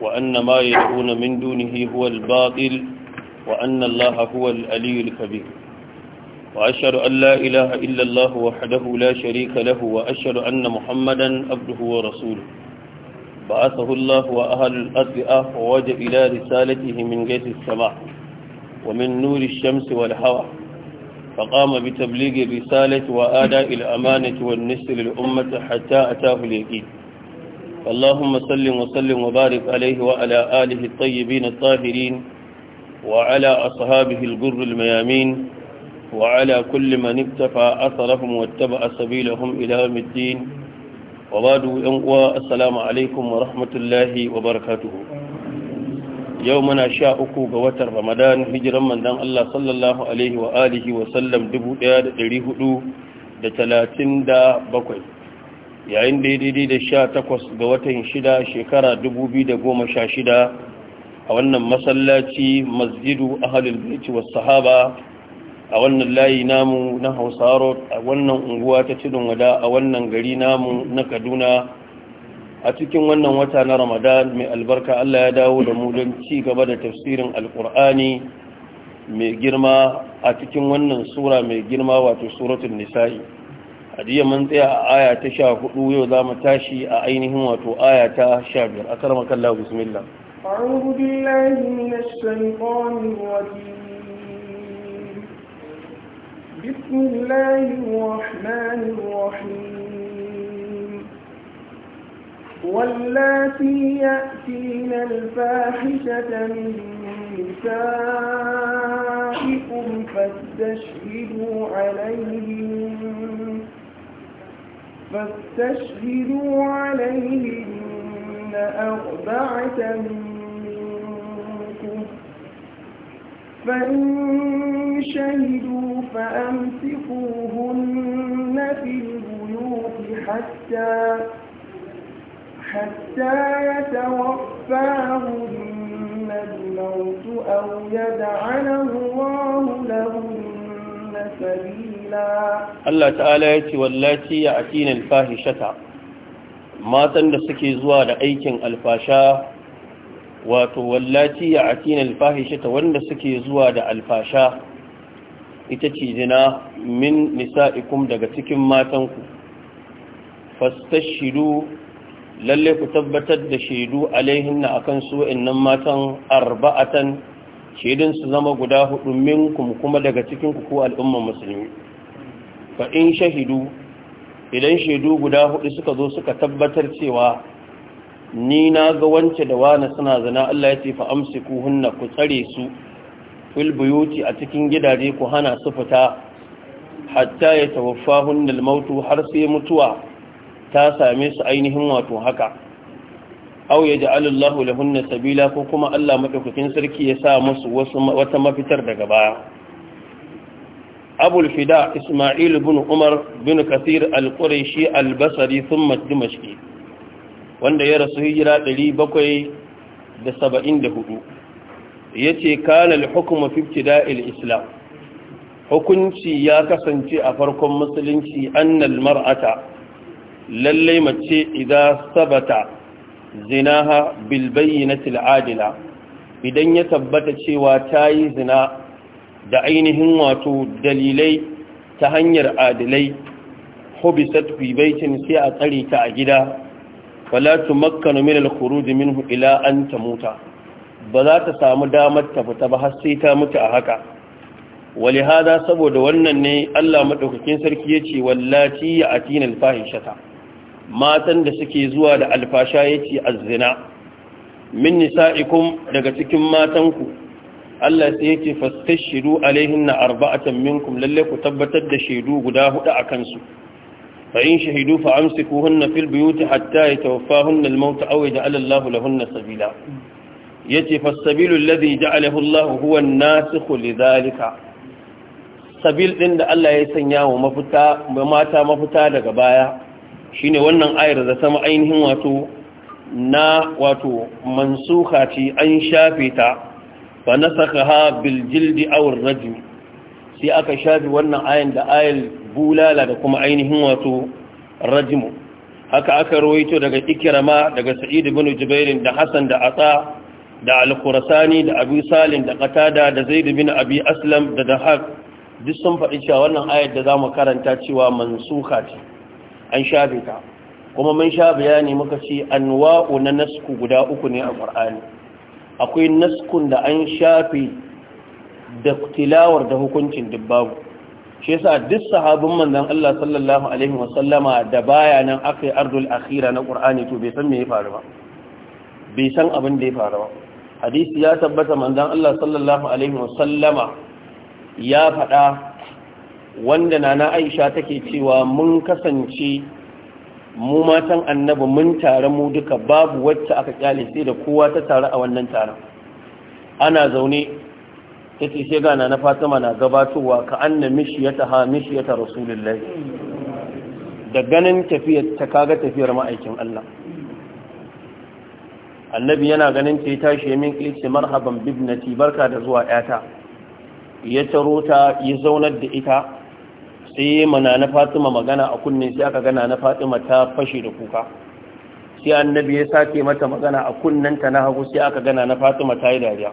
وأن ما يدعون من دونه هو الباطل وأن الله هو الألي الكبير وأشهد أن لا إله إلا الله وحده لا شريك له وأشهد أن محمدا عبده ورسوله بعثه الله وأهل الأرض أفواج إلى رسالته من جيش السماء ومن نور الشمس والهواء فقام بتبليغ الرسالة وآداء الأمانة والنسل للأمة حتى أتاه اليقين اللهم صل وسلم وبارك عليه وعلى آله الطيبين الطاهرين وعلى أصحابه الجر الميامين وعلى كل من ابتفى أثرهم واتبع سبيلهم إلى يوم الدين وبعد أنقوى السلام عليكم ورحمة الله وبركاته يومنا شاءكو بوتر رمضان هجرا من دان الله صلى الله عليه وآله وسلم دبو إياد دريه دو دتلاتين دا بكوي yayin da daidai da sha takwas ga watan shida shekara dubu biyu da goma sha shida a wannan masallaci masjidu halin baiti wa sahaba a wannan layi namu na hausaro a wannan unguwa ta cidin wada a wannan gari namu na kaduna a cikin wannan wata na ramadan mai albarka allah ya dawo da mu don ci gaba da tafsirin alkur'ani mai girma a cikin wannan sura mai girma wato suratun nisa'i jiya mun tsaya a aya ta sha hudu yau za mu tashi a ainihin wato aya ta sha biyar a karama kalla bismillah أعوذ بالله من الشيطان الرجيم بسم الله الرحمن الرحيم واللاتي يأتين الفاحشة من نسائكم فاستشهدوا عليهم فاستشهدوا عليهن أربعة منكم فإن شهدوا فأمسكوهن في البيوت حتى حتى يتوفاهن الموت أو يجعل الله لهن Allah ta'ala ya ce wallaci ya atina alfahishata matan da suke zuwa da aikin alfasha wato wallaci ya atina alfahishata wanda suke zuwa da alfasha ita ce jina, min nisa'ikum daga cikin matanku fastashidu lalle ku tabbatar da shaidu alaihinna akan su wa'annan matan arba'atan shaidun su zama guda hudu minkum kuma daga cikin ku ko al'umman musulmi fa in shahidu idan shaidu guda hudu suka zo suka tabbatar cewa ni na ga wance da wani suna zana Allah ya ce fa amsiku hunna ku tsare su fil buyuti a cikin gidaje ku hana su fita hatta ya tawaffa hunnal mautu har sai mutuwa ta same su ainihin wato haka aw yaj'alu Allahu hunna sabila ko kuma Allah madaukakin sarki ya sa musu wasu wata mafitar daga baya Abu fida Isma'il bin Umar bin Kathir al-Qurayshi al-Basri thumma Dimashqi wanda ya rasu hijira 774 yace kana al-hukmu fi ibtida'il Islam hukunci ya kasance a farkon musulunci annal mar'ata lalle mace idan sabata zinaha bilbayyinatil adila idan ya tabbata cewa ta yi zina da ainihin wato dalilai ta hanyar adilai hubisat fi baitin sai a tsare ta a gida fala tumakkanu min al-khuruj minhu ila an tamuta ba za ta samu damar ta fita ba har sai ta mutu a haka hada saboda wannan ne Allah madaukakin sarki yace wallati ya atinal fahishata matan da suke zuwa da alfasha yace az-zina min nisa'ikum daga cikin matanku Allah sai yake fastashiru alaihinna arba'atan minkum lalle ku tabbatar da shaidu guda hudu akan su fa in shahidu fa amsikuhunna fil buyuti hatta yatawaffahunna al-maut aw yaj'ala Allahu lahunna sabila yace fasabilu alladhi ja'alahu Allah huwa an-nasikhu lidhalika sabil din da Allah ya sanya wa mafita mata mafita daga baya Shi ne wannan ayar da sama ainihin wato na wato mansuka ce an shafe ta ba na bil biljildi aw ar sai aka shafe wannan ayar da ayar bulala da kuma ainihin wato rajimu. haka aka rawaito daga ikirama daga Sa'idu Bin jubair da Hassan da Atsa da alkurasani da abu salim da katada da Zaidu bin abi aslam da dahak duk sun faɗi cewa wannan ayar da za mu karanta cewa mansuka ce an shafe ta kuma mun sha bayani muka ce anwa'u na nasku guda uku ne a ƙur'ani akwai naskun da an shafe da tilawar da hukuncin dubbabu shi yasa duk sahabin manzan Allah sallallahu alaihi wasallama da baya nan akai ardul akhira na ƙur'ani to bai san me ya faru ba bai san abin da ya faru ba hadisi ya tabbata manzon Allah sallallahu alaihi wasallama ya faɗa wanda nana aisha take cewa mun kasance mu matan annabi mun tare mu duka babu wacce aka kyale sai da kowa ta tare a wannan taron ana zaune ta sai gana na fatima na gabatowa ka anna mishiyata ha mishiyata rasulullahi da ganin tafiyar ta kaga tafiyar ma'aikin Allah annabi yana ganin ta yi tashi min ke marhaban bibnati barka da zuwa yata ya taro ta ya zaunar da ita sai mana na fatima magana a kunne sai aka gana na fatima ta fashe da kuka sai annabi ya sake mata magana a kunnanta na hagu sai aka gana na fatima ta yi dariya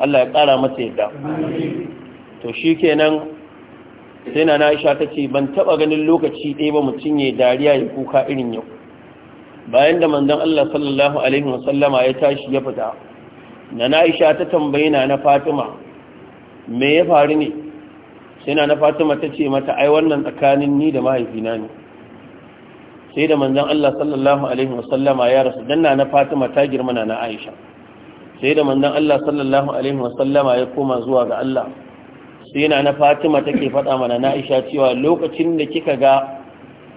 allah ya kara mata yadda to shi kenan sai na aisha ta ce ban taba ganin lokaci ɗaya ba mutum ya dariya ya kuka irin yau bayan da manzon allah sallallahu alaihi wasallama ya tashi ya fita na aisha ta tambayi na na fatima me ya faru ne sai na fatima ta ce mata ai wannan tsakanin ni da mahaifina ne sai da manzon Allah sallallahu alaihi wasallama ya rasu dan na fatima ta girma na Aisha sai da manzon Allah sallallahu alaihi wasallama ya koma zuwa ga Allah sai na fatima take faɗa mana na Aisha cewa lokacin da kika ga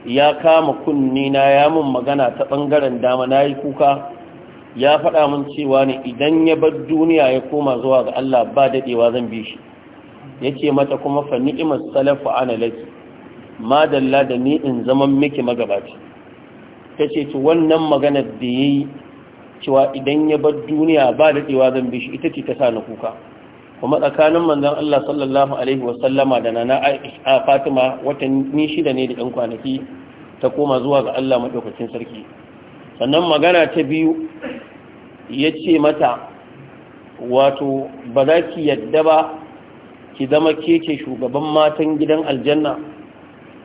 ya kama kunni na ya mun magana ta bangaren dama nayi kuka ya faɗa mun cewa ne idan ya bar duniya ya koma zuwa ga Allah ba dadewa zan bi shi yace mata kuma fa ni'mas salafu ana laki ma dalla da ni in zaman miki magabaci tace to wannan maganar da yayi cewa idan ya bar duniya ba da tsewa zan bi shi ita ce ta sa na kuka kuma tsakanin manzon Allah sallallahu alaihi wa sallama da nana a Fatima ni shida ne da ɗan kwanaki ta koma zuwa ga Allah madaukakin sarki sannan magana ta biyu yace mata wato ba za ki yadda ba ki zama ke ce shugaban matan gidan aljanna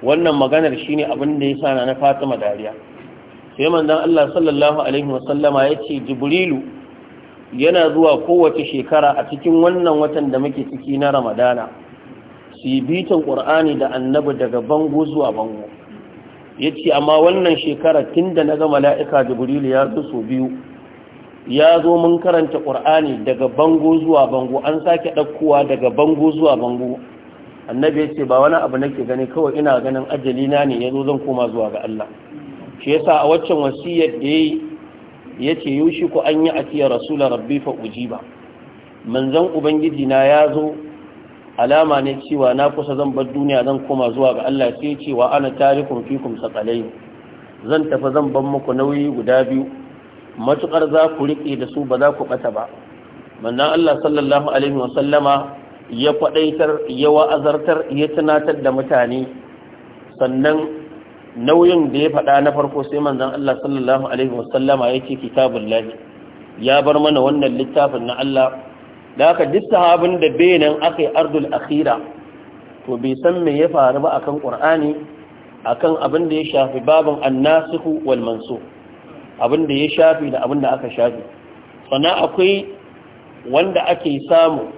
wannan maganar shine abin da ya yasa na Fatima dariya sai manzon Allah sallallahu alaihi wasallama yace Jibrilu yana zuwa kowace shekara a cikin wannan watan da muke ciki na Ramadana su bitan Qur'ani da Annabi daga bango zuwa bango yace amma wannan shekara na gama la'ika Jibrilu ya zo so biyu ya zo mun karanta ƙur'ani daga bango zuwa bango an sake ɗaukowa daga bango zuwa bango annabi ya ce ba wani abu nake gani kawai ina ganin ajalina ne ya zo zan koma zuwa ga Allah shi yasa a waccan wasiyyar da ya ya ce yushi ku an yi atiya rasula rabbi fa ujiba manzon ubangiji na ya zo alama ne cewa na kusa zan bar duniya zan koma zuwa ga Allah sai cewa ana tarikum fikum sakalai zan tafi zan ban muku nauyi guda biyu matuƙar za ku riƙe da su ba za ku ɓata ba mannan Allah sallallahu alaihi ya faɗaitar ya wa'azartar ya tunatar da mutane sannan nauyin da ya faɗa na farko sai manzon Allah sallallahu alaihi wasallama yake kitabul lahi ya bar mana wannan littafin na Allah da aka duk sahabin da benin aka ardul akhira to bai san me ya faru ba akan qur'ani akan abin da ya shafi babin annasihu wal mansukh abin da ya shafi da abin da aka shafi sannan akwai wanda ake samu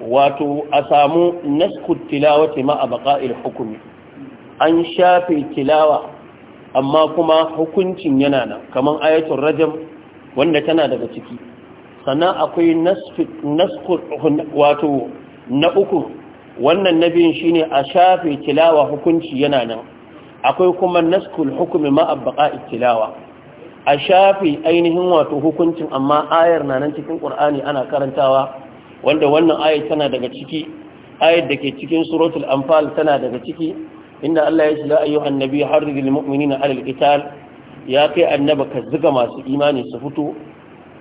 wato a samu naskut tilawati ma a baƙa'il hukumi an shafe tilawa amma kuma hukuncin yana nan kamar ayatul rajam wanda tana daga ciki sannan akwai naskut wato na uku wannan na biyun shine a shafe tilawa hukunci yana nan akwai kuma naskul hukumi ma a baƙa'il tilawa a shafi ainihin wato hukuncin amma ayar na nan cikin ƙur'ani ana karantawa wanda wannan ayar tana daga ciki ayar da ke cikin suratul anfal tana daga ciki inda Allah ya ce la ayyuha annabi harridil mu'minina alal qital ya kai annaba ka zuga masu imani su fito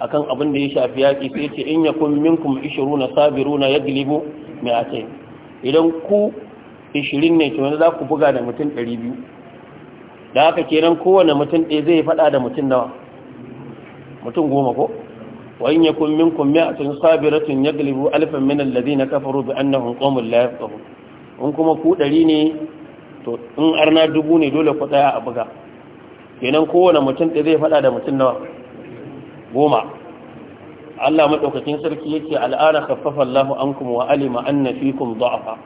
akan abin da ya shafi yaki sai ce in yakum minkum 20 sabiruna yaglibu mi'atayn idan ku 20 ne to za ku buga da mutum 200 da haka kenan kowane mutum ɗaya zai faɗa da mutum nawa mutum goma ko wa in yakun minkum mi'atun sabiratun yaglibu alfan min alladhina kafaru bi annahum hunkomin la yafqahun in kuma ku ɗari ne to in arna dubu ne dole ku tsaya a buga kenan kowane mutum ɗaya zai faɗa da mutum nawa goma Allah madaukakin sarki yake al'ana khaffafa Allahu ankum wa alima anna kun za'afa".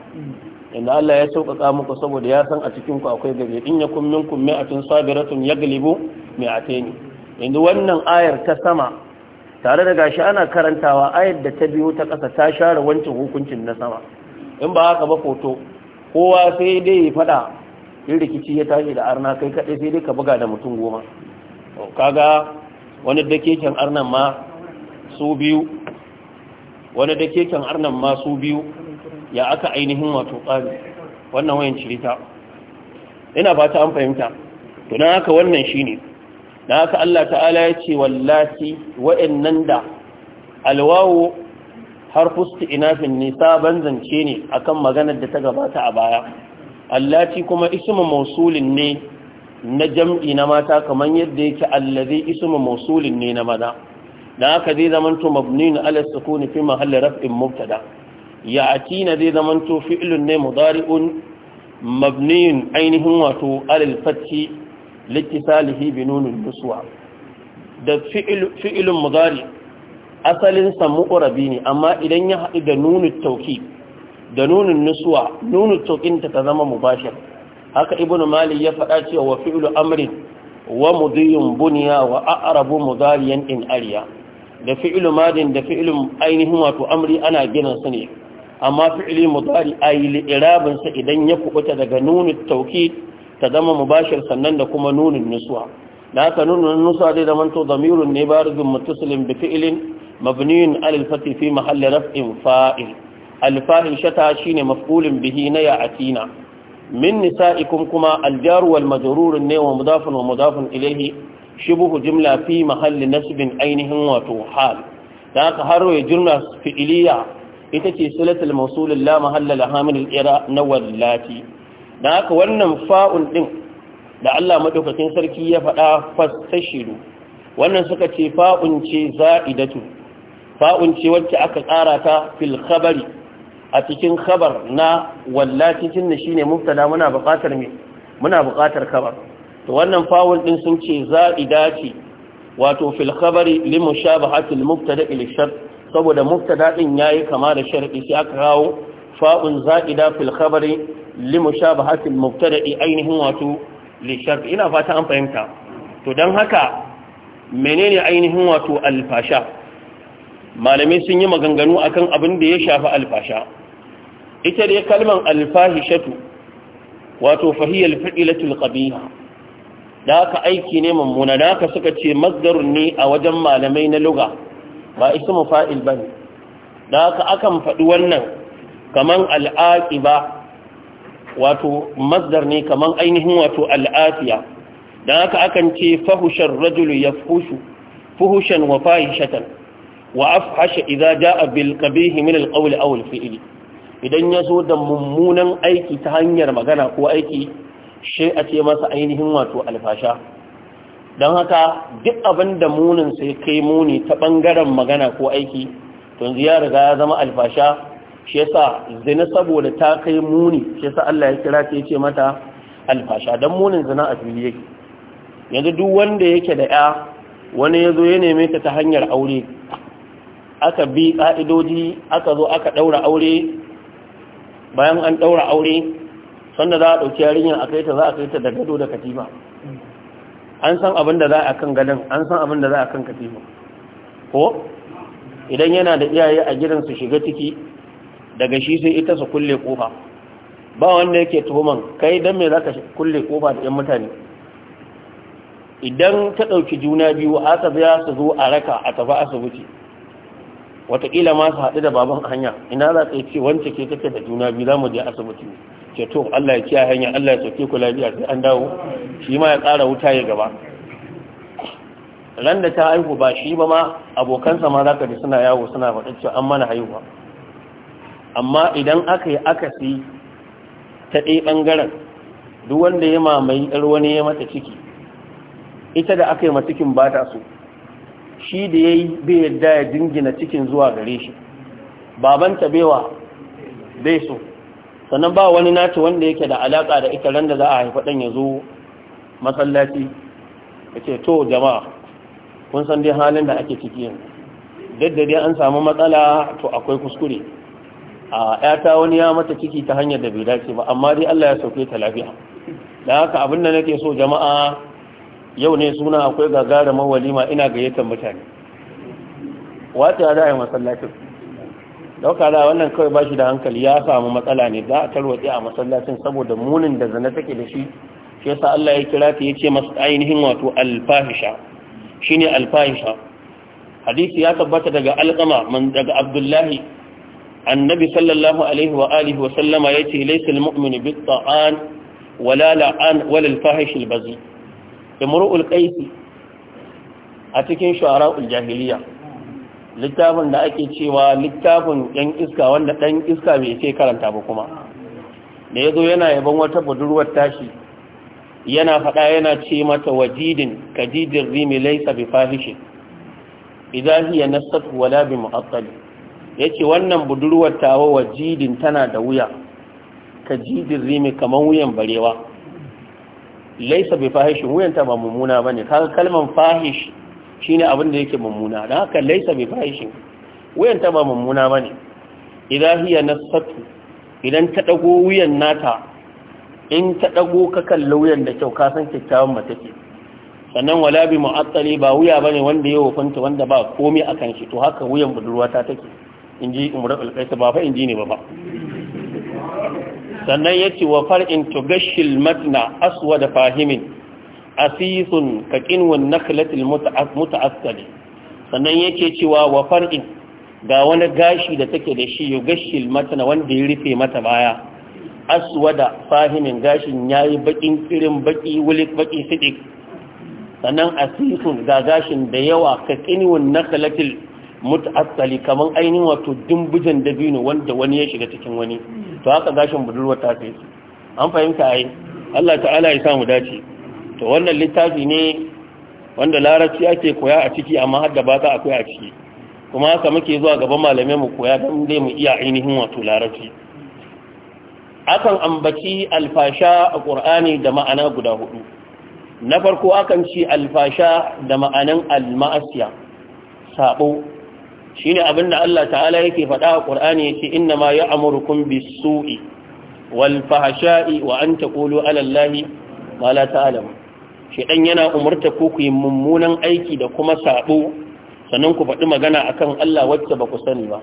inda Allah ya sauƙaƙa muku saboda ya san a cikinku akwai gari in ya min kun mi'atun sabiratun ya galibu mi'ate ne. inda wannan ayar ta sama tare da gashi ana karantawa ayar da ta biyu ta ƙasa ta share wancan hukuncin na sama in ba haka ba foto kowa sai dai ya faɗa, in rikici ya tashi da arna kai kaɗai sai dai ka buga da mutum goma kaga wani dakeken arnan ma su biyu wani dakeken arnan ma su biyu ya aka ainihin wato tsari wannan wayan cirita ina fata an fahimta to dan haka wannan shine Na haka Allah ta'ala ya ce wallati wa'annan da alwawu har isti'nafin ne saban zance ne akan maganar da ta gabata a baya allati kuma ismu mausulin ne na jam'i na mata kamar yadda yake allazi ismu mausulin ne na maza dan haka zai zamanto mabniun ala sukuni fi mahalli raf'in mubtada' يأتينا ذي ذمنتو فعل مضارع مبني عينه وتو على الفتح لاتصاله بنون النسوة ده فعل فعل مضارع asalin samu ƙurabi ne amma idan ya haɗu da nunin tauki da nunin nusuwa nunin taukinta ta zama mubashir haka ibn mali ya faɗa cewa wa fi'lu amrin wa mudiyun buniya wa a'rabu mudariyan in ariya da fi'lu madin da fi'lu ainihin wato amri ana gina su ne amma fi'ili mudari ayi li'irabin sa idan ya kubuta daga nunin tauki ta zama mubashir sannan da kuma nunin nusuwa da haka nunin nuswa dai zaman to damirun ne barizun muttasilin bi alal fati fi mahalli raf'in fa'il shata shine mafulin bihi na ya'atina min nisa'ikum kuma aljaruwar wal majrur ne wa mudafun wa mudafun ilayhi shibhu jumla fi mahalli nasbin ainihin wato hal da haka har ya jumla fi'iliya ita ce sulatul mausulin la mahallala hamilin ira na wallati Da haka wannan fa'un ɗin da Allah maɗaukacin sarki ya faɗa fastashiru wannan suka ce fa'un ce za'idatu fa'un ce wacce aka tsara ta fil khabari a cikin khabar na wallati cinna shine mubtada muna buƙatar me muna buƙatar khabar to wannan fa'un ɗin sun ce za'ida wato fil khabari limushabahatil mubtada lil shart saboda mubtada din yayi kama da shar'i sai aka kawo fa'un za'ida fil khabari li mushabahatil mubtada'i ainihin wato li ina fata an fahimta to dan haka menene ainihin wato alfasha Malami sun yi maganganu akan abin da ya shafi alfasha ita dai kalman alfahishatu wato fahiyal fi'ilatul qabiha da haka aiki ne mummuna da haka suka ce masdarun ne a wajen malamai na lugha ba ismu fa'il bane da haka akan faɗi wannan kaman ba wato masdar ne kaman ainihin wato al'afiya da haka akan ce fahushar rajulu yafhushu fuhushan wa fahishatan wa afhasha iza jaa bil qabih min al qawl aw al fi'l idan da mummunan aiki ta hanyar magana ko aiki shi a ce masa ainihin wato alfasha don haka duk abin da munin sai kai muni ta ɓangaren magana ko aiki tun ziyarar ga ya zama alfasha shi yasa zina saboda ta kai muni shi yasa Allah ya kira ta yace mata alfasha don munin zina a fili yake yanzu duk wanda yake da ya wani yazo ya neme ta ta hanyar aure aka bi ka'idoji aka zo aka daura aure bayan an daura aure sanda za a dauki yarinyar a kai ta za a kai ta da gado da katima. an san abin da za a kan gadon an san abin da za a kan katifa ko idan yana da iyaye a gidan su shiga ciki daga shi sai ita su kulle kofa ba wanda yake tuhuman kai dan me zaka kulle kofa da yan mutane idan ta ɗauki juna biyu aka biya su zo a raka a tafi asibiti wataƙila ma su haɗu da baban hanya ina za ta yi ce wance ke take da juna biyu za mu je asibiti ke to Allah ya kiyaye hanya Allah ya sauke ku lafiya sai an dawo shi ma ya tsara wuta ya gaba ran da ta haihu ba shi ba ma abokansa ma zaka ji suna yawo suna faɗa cewa an mana haihuwa amma idan aka yi akasi ta ɗaya ɓangaren duk wanda ya mamaye ɗar wani ya mata ciki ita da aka yi ma cikin ba ta so shi da ya yi bai yadda ya dingina cikin zuwa gare shi babanta baiwa bai so sannan ba wani naci wanda yake da alaƙa da ita ran da za a haifa ɗan ya zo masallaci ya ce to jama'a kun san dai halin da ake ciki yanzu duk an samu matsala to akwai kuskure a ƴata wani ya mata ciki ta hanyar da bai dace ba amma dai Allah ya sauke ta lafiya da haka abin da nake so jama'a yau ne suna akwai gagarumar walima ina gayyatar mutane wata ya za a yi masallacin dauka da wannan kawai bashi da hankali ya samu matsala ne za a tarwatsi a masallacin saboda munin da zana take da shi shi yasa Allah ya kira ta yace masa ainihin wato 'Al-Fahisha' shine Al-Fahisha. hadisi ya tabbata daga alqama man daga abdullahi annabi sallallahu alaihi wa alihi wa sallama yace laysa almu'minu bit-ta'an wala la'an wala alfahish albazi qais a cikin shu'ara'ul jahiliya littafin da ake cewa littafin ɗan iska wanda ɗan iska bai ce karanta ba kuma da ya zo yana yaban wata budurwar tashi yana faɗa yana ce mata wajidin kadidin rimi laisa bi fahishin idan hiya nasat wala bi Ya ce wannan budurwar tawa wajidin tana da wuya kadidin rimi kamar wuyan barewa laisa bi fahishin wuyan ba mummuna bane ne kalman fahish Shi ne abin da yake mummuna da haka laisa mai fahishin wuyan ta ba mummuna ne idan na sattu idan ta ɗago wuyan nata in ta ɗago ka kalla wuyan da kyau ka san mata mace ce sannan wala bi mu'attali ba wuya ba ne wanda ya wufanta wanda ba komi a kan shi to haka wuyan budurwa ta take ji umar qais ba fa ji ne ba ba sannan ce wa far'in gashil matna da fahimin asisun ka kinwan naklatil muta'assali sannan yake cewa wa far'in ga wani gashi da take da shi ya gashil mata na wanda ya rufe mata baya aswada fahimin gashin yayi bakin kirin baki wuli baki sidik sannan asisun ga gashin da yawa ka kinwan naklatil muta'assali kaman ainihin wato dumbujan dabino wanda wani ya shiga cikin wani to haka gashin budurwa ta kai an fahimta ai Allah ta'ala ya samu dace to wannan littafi ne wanda larabci ake koya a ciki amma har da ba za a koya a ciki kuma haka muke zuwa gaban malamai mu koya don dai mu iya ainihin wato larabci akan ambaci alfasha a ƙur'ani da ma'ana guda hudu na farko akan ci alfasha da ma'anan almasiya sabo shine abinda Allah ta'ala yake faɗa a ƙur'ani yace inna ma ya bis-su'i wal fahsha'i wa an taqulu 'ala Allahi ma la shedan yana umarta ku ku yi mummunan aiki da kuma saɓo sannan ku faɗi magana akan Allah wacce ba ku sani ba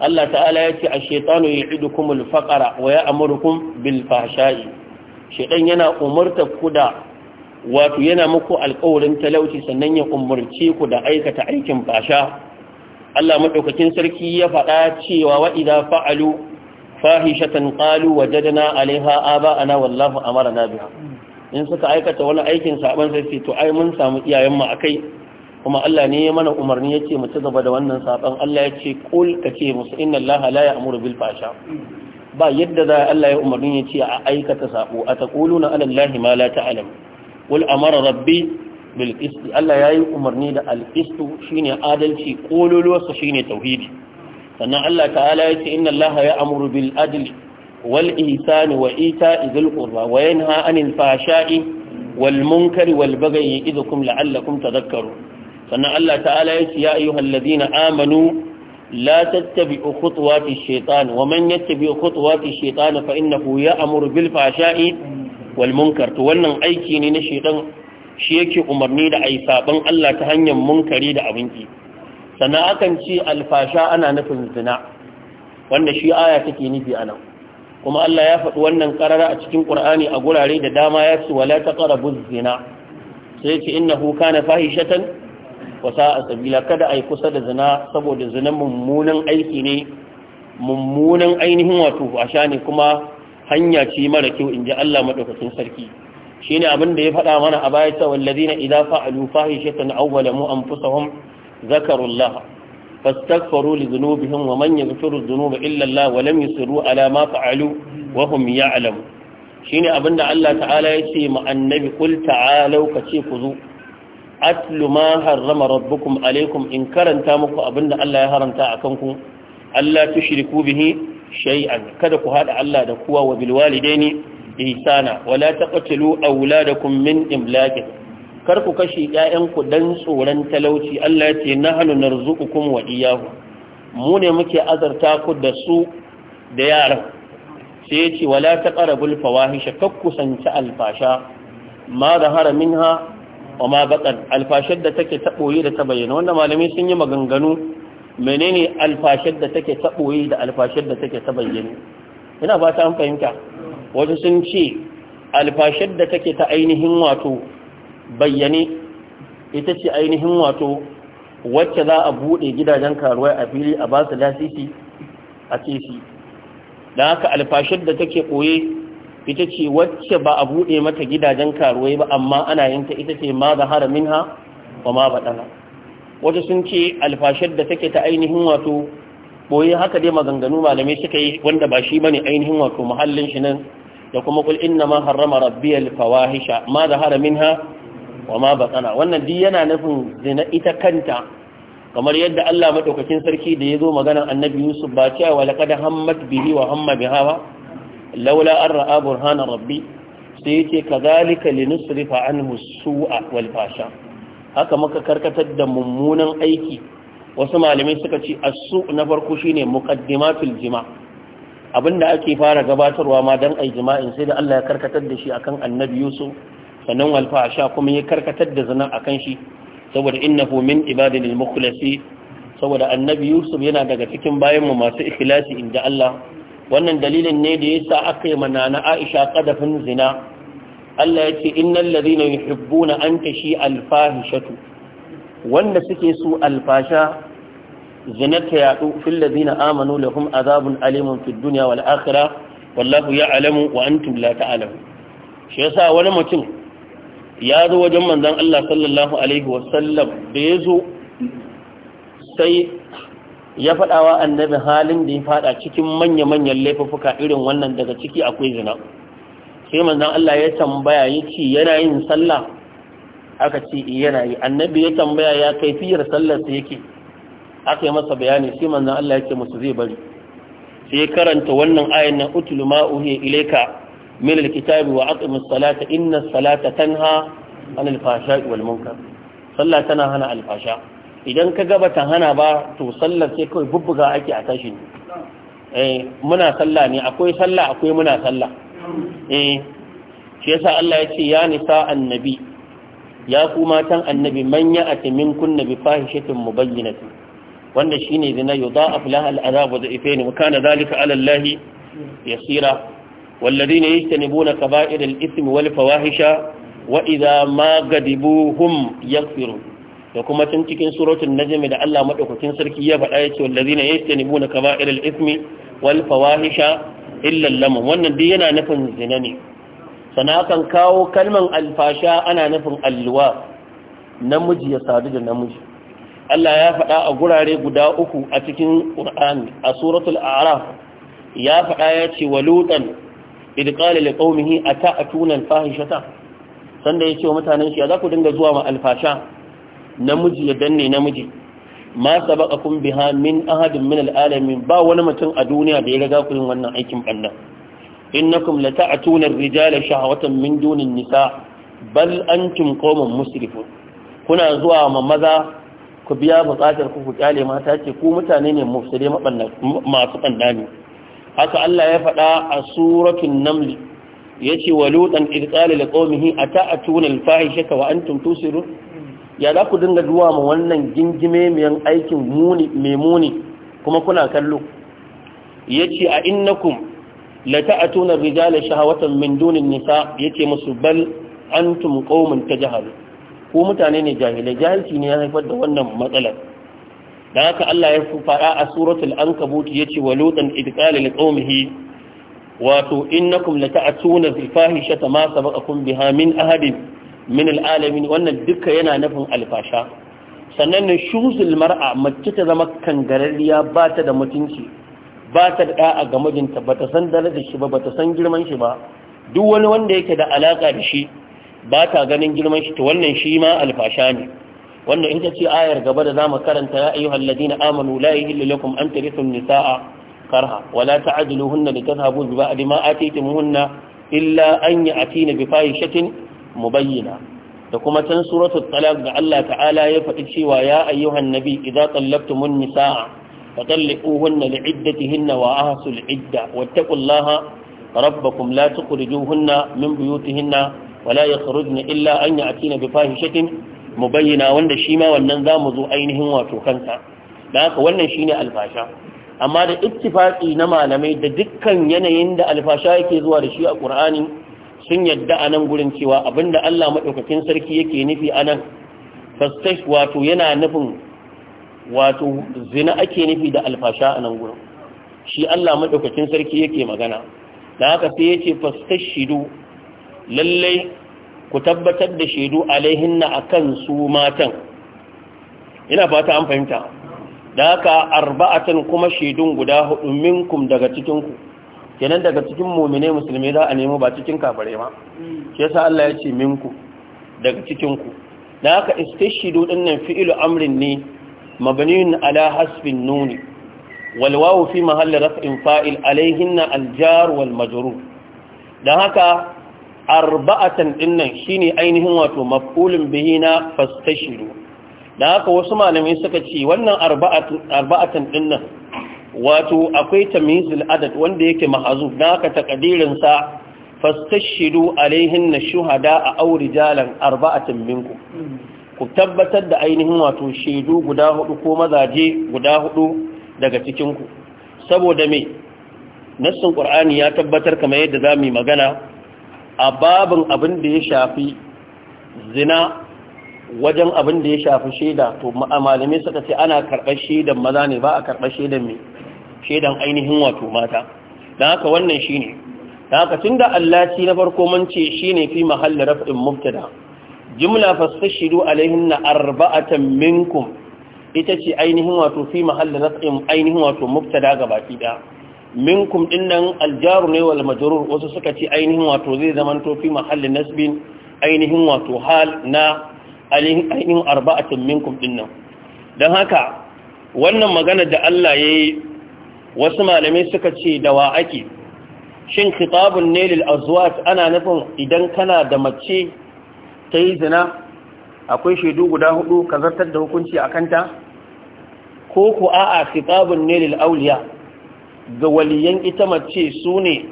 Allah ta'ala ya ce ash-shaytanu ya'idukumul faqra wa ya'murukum bil fahsha'i shedan yana umarta ku da wato yana muku alƙawarin talauci sannan ya umarce ku da aikata aikin fasha Allah madaukakin sarki ya faɗa cewa wa idza fa'alu fahishatan qalu wajadna 'alayha aba'ana wallahu amarna biha in suka aikata wani aikin saban sai ce to ai mun samu iyayenmu akai kuma Allah ne ya mana umarni yace mu ci gaba da wannan saban Allah ya ce ka ce musu inna Allah la ya'muru bil fasha. ba yadda za Allah ya umarni yace a aikata sabo ataquluna ala Allah ma la ta'lam qul amara rabbi bil qist Allah yayi umarni da al qist shine adalci qulul wasu shine tauhidi sannan Allah ta'ala yace inna Allah ya'muru bil adli wal ihsani wa ita'i dhil qurba wa yanha 'anil fahsha'i wal munkari wal bagyi idhukum la'allakum tadhakkarun sannan Allah ta'ala ya ce ya ayyuhal amanu la tattabi'u khutuwati shaytan wa man yattabi'u khutuwati shaytan fa innahu ya'muru bil fahsha'i wal munkar to wannan aiki ne na shaytan shi yake umarni da ai saban Allah ta hanyar munkari da abinki sannan akan ce alfasha ana nufin zina wanda shi aya take nufi anan kuma Allah ya faɗi wannan karara a cikin Ƙur'ani a gurare da dama ya ce wala taqrabu zina sai ce huka na fahishatan wa a sabila kada yi kusa da zina saboda zina mummunan aiki ne mummunan ainihin wato asha ne kuma hanya ce mara kyau ji Allah madaukakin sarki Shi ne abin da ya faɗa mana a baya cewa na idza fa'alu fahishatan awwalamu anfusahum zakarullah fastaghfiru li dhunubihim wa man yaghfiru dhunuba illa Allah wa lam yusiru ala ma fa'alu wa hum ya'lamu shine abinda Allah ta'ala ya ce ma annabi qul ta'alu ce ku zo atlu ma harrama rabbukum alaikum in karanta muku abinda Allah ya haramta akan ku Allah tushriku bihi shay'an kada ku haɗa Allah da kuwa wa bil walidaini ihsana wala ta taqtulu da min imlakin kar ku kashe ku dan tsoron talauci Allah ya ce nahnu narzuqukum wa iyahu mu ne muke azarta ku da su da yaran sai ya ce wala taqrabul fawahisha kakkusanci alfasha ma zahara minha wa ma batan alfashar da take taɓoyi da ta bayyana wannan malamai sun yi maganganu menene alfashar da take taɓoyi da alfashar da take ta bayyana ina fata an fahimta wasu sun ce alfashar da take ta ainihin wato bayyane ita ce ainihin wato wacce za a buɗe gidajen karuwa a fili a ba su lasisi a kesi da haka alfashar da take ɓoye ita ce wacce ba a buɗe mata gidajen karuwa ba amma ana yin ta ita ce ma zahara minha ba ma ɗana wata sun ce alfashar da take ta ainihin wato ɓoye haka dai maganganu malamai suka yi wanda ba shi bane ainihin wato muhallin shi nan da kuma kul inna ma harrama rabbiyal fawahisha ma zahara minha wa ma batsana wannan duk yana nufin zina ita kanta kamar yadda Allah madaukakin sarki da ya zo maganar annabi Yusuf ba cewa laqad hammat bihi wa hamma biha ba laula an ra'a burhana rabbi sai yace kazalika linusrifa anhu su'a wal fasha haka muka karkatar da mummunan aiki wasu malamai suka ce asu na farko shine muqaddimatul jima abinda ake fara gabatarwa ma dan ai jima'in sai da Allah ya karkatar da shi akan annabi Yusuf sannan wal kuma ya karkatar da zina a kan shi saboda innahu min ibadil mukhlasi saboda annabi yusuf yana daga cikin bayan mu masu ikhlasi inda Allah wannan dalilin ne da yasa aka yi manana Aisha kadafin zina Allah ya ce innal ladhina yuhibbuna an tashi alfahishatu wanda suke su alfasha zina ta yadu fil ladhina amanu lahum azabun alimun fid dunya wal akhirah wallahu ya'lamu wa antum la ta'lamun shi yasa wani mutum ya zo wajen manzan Allah sallallahu Alaihi wasallam da ya zo sai ya faɗawa annabi halin da ya faɗa cikin manya-manyan laifuka irin wannan daga ciki akwai zina sai manzan Allah ya tambaya ya ce yana yin sallah aka ce eh, yana yi annabi ya tambaya ya kai, kaifiyar sallarsa yake aka yi masa bayani sai manzan Allah ya ce musu zai bari sai karanta wannan ayin na utulu ma'uhi ilaika min alkitabi wa aqimus salata inna salata tanha anil fahsha'i wal munkar sallah tana hana alfasha idan ka gaba ta hana ba to sallar sai kawai bubbuga ake a tashi ne eh muna sallah ne akwai sallah akwai muna sallah eh shi yasa Allah ya ce ya nisa annabi ya ku matan annabi man ya ati minkun nabi fahishatin mubayyinatin wanda shine zina yudha'af laha al'azab wa da'ifaini wa kana dhalika 'ala Allah yasira والذين يجتنبون كبائر الإثم والفواحش وإذا ما غضبوهم يغفرون da kuma tun cikin suratul najm da Allah madaukakin sarki ya faɗa yace wallazina yastanibuna kaba'ir al-ithmi wal fawahisha illa lam wannan duk yana nufin zina ne sana kan kawo kalman alfasha ana nufin alluwa namiji ya sadu da namiji Allah ya faɗa a gurare guda uku a cikin Ƙur'ani. a suratul a'raf ya faɗa yace luɗan. idh qala li qaumihi ata'atuna al-fahishata sanda ce wa mutanen shi za ku dinga zuwa ma alfasha namiji ya danne namiji ma kun biha min ahadin min al ba wani mutum a duniya da ya riga ku yin wannan aikin bannan innakum a tunan rijala shahwatan min dunin nisa bal antum qaumun musrifun kuna zuwa ma maza ku biya bukatar ku ku kyale mata ce ku mutane ne mufsire masu ɓanna ne haka Allah ya faɗa a suratun namli ya ce wa lutan irƙali da ƙomihi a fahim shaka wa an siru ya za ku dinga zuwa ma wannan gingime miyan aikin muni mai muni kuma kuna kallo ya ce a innakum la ta'atunan rijalar shahawatan min dunin nisa ya ce musu bal an tum ƙomin ta jahal ko mutane ne jahilai jahilci ne ya haifar da wannan matsalar da haka Allah ya fara a suratul ankabut yace wa lutan id qala liqaumihi wato innakum lata'tuna bil fahishata ma sabaqakum biha min ahadin min alalamin wannan duka yana nufin alfasha sannan ne shuzul mar'a mace ta zama kangararriya ba ta da mutunci ba ta da da'a ga mijinta ba ta san darajar shi ba ba ta san girman shi ba duk wani wanda yake da alaka da shi ba ta ganin girman shi to wannan shi ma alfasha ne wannan ita ce ayar gaba da zamu karanta ya ayyuhal ladina amanu la yahillu lakum an tarithu nisaa karha wala ta'diluhunna litadhhabu bi ba'di ma ataytumuhunna illa an ya'tina bi fahishatin mubayyina da kuma can suratul talaq da Allah ta'ala ya faɗi cewa ya ayyuhan nabi idza tallaqtumun nisaa fatalliquhunna li'iddatihinna wa ahsul idda wattaqullaha ربكم لا تخرجوهن من بيوتهن ila يخرجن إلا أن يأتين بفاهشة bayyana wanda shi ma wannan za mu zo ainihin wato kansa da haka wannan shine alfasha amma da ittifaqi na malamai da dukkan yanayin da alfasha yake zuwa da shi a ƙur'ani sun yadda anan gurin cewa abinda Allah madaukakin sarki yake nufi anan fastash wato yana nufin wato zina ake nufi da alfasha nan gurin shi Allah maɗaukacin sarki yake magana da haka sai yace shidu lallai ku tabbatar da shaidu alaihinna kan su matan ina fata an fahimta da haka arba'atan kuma shaidun guda hudu minkum daga cikinku. kenan daga cikin mu'mine musulmi za a nemo ba cikin kafare ma shi yasa Allah ya ce minku daga cikinku. da haka istashidu dinnan fi'ilu amrin ne mabniun ala hasbin nuni wal wawu fi mahalli raf'in fa'il alaihinna al jar wal majrur dan haka arba'atan dinnan shine ainihin wato maf'ulun bihi na fastashiru da haka wasu malamai suka ce wannan arba'atan dinnan wato akwai tamyizul adad wanda yake mahazuf da haka takadirin sa fastashiru alaihin shuhada a auri jalan arba'atan minku ku tabbatar da ainihin wato shaidu guda hudu ko mazaje guda hudu daga cikinku saboda me nassin qur'ani ya tabbatar kamar yadda zamu magana a babin abin da ya shafi zina wajen abin da ya shafi shaida to malamai suka ce ana karɓar shaidan maza ne ba a karɓar shaidan mai shaidan ainihin wato mata don haka wannan shi ne don haka tun da allaci na farko mance shi ne fi mahalli raf'in mubtada jimla fastashidu alaihin na arba'atan minkum ita ce ainihin wato fi mahalli raf'in ainihin wato mubtada ga baki ɗaya minkum dinnan aljaru ne wal majrur wasu suka ce ainihin wato zai zaman to fi mahallin nasbin ainihin wato hal na ainihin arba'atin minkum dinnan dan haka wannan magana da Allah yayi wasu malamai suka ce da wa ake shin khitabun ne lil azwaj ana nufin idan kana da mace ta yi zina akwai shaidu guda hudu ka zartar da hukunci a kanta ko ku a'a khitabun ne lil auliya ga waliyan ita mace su ne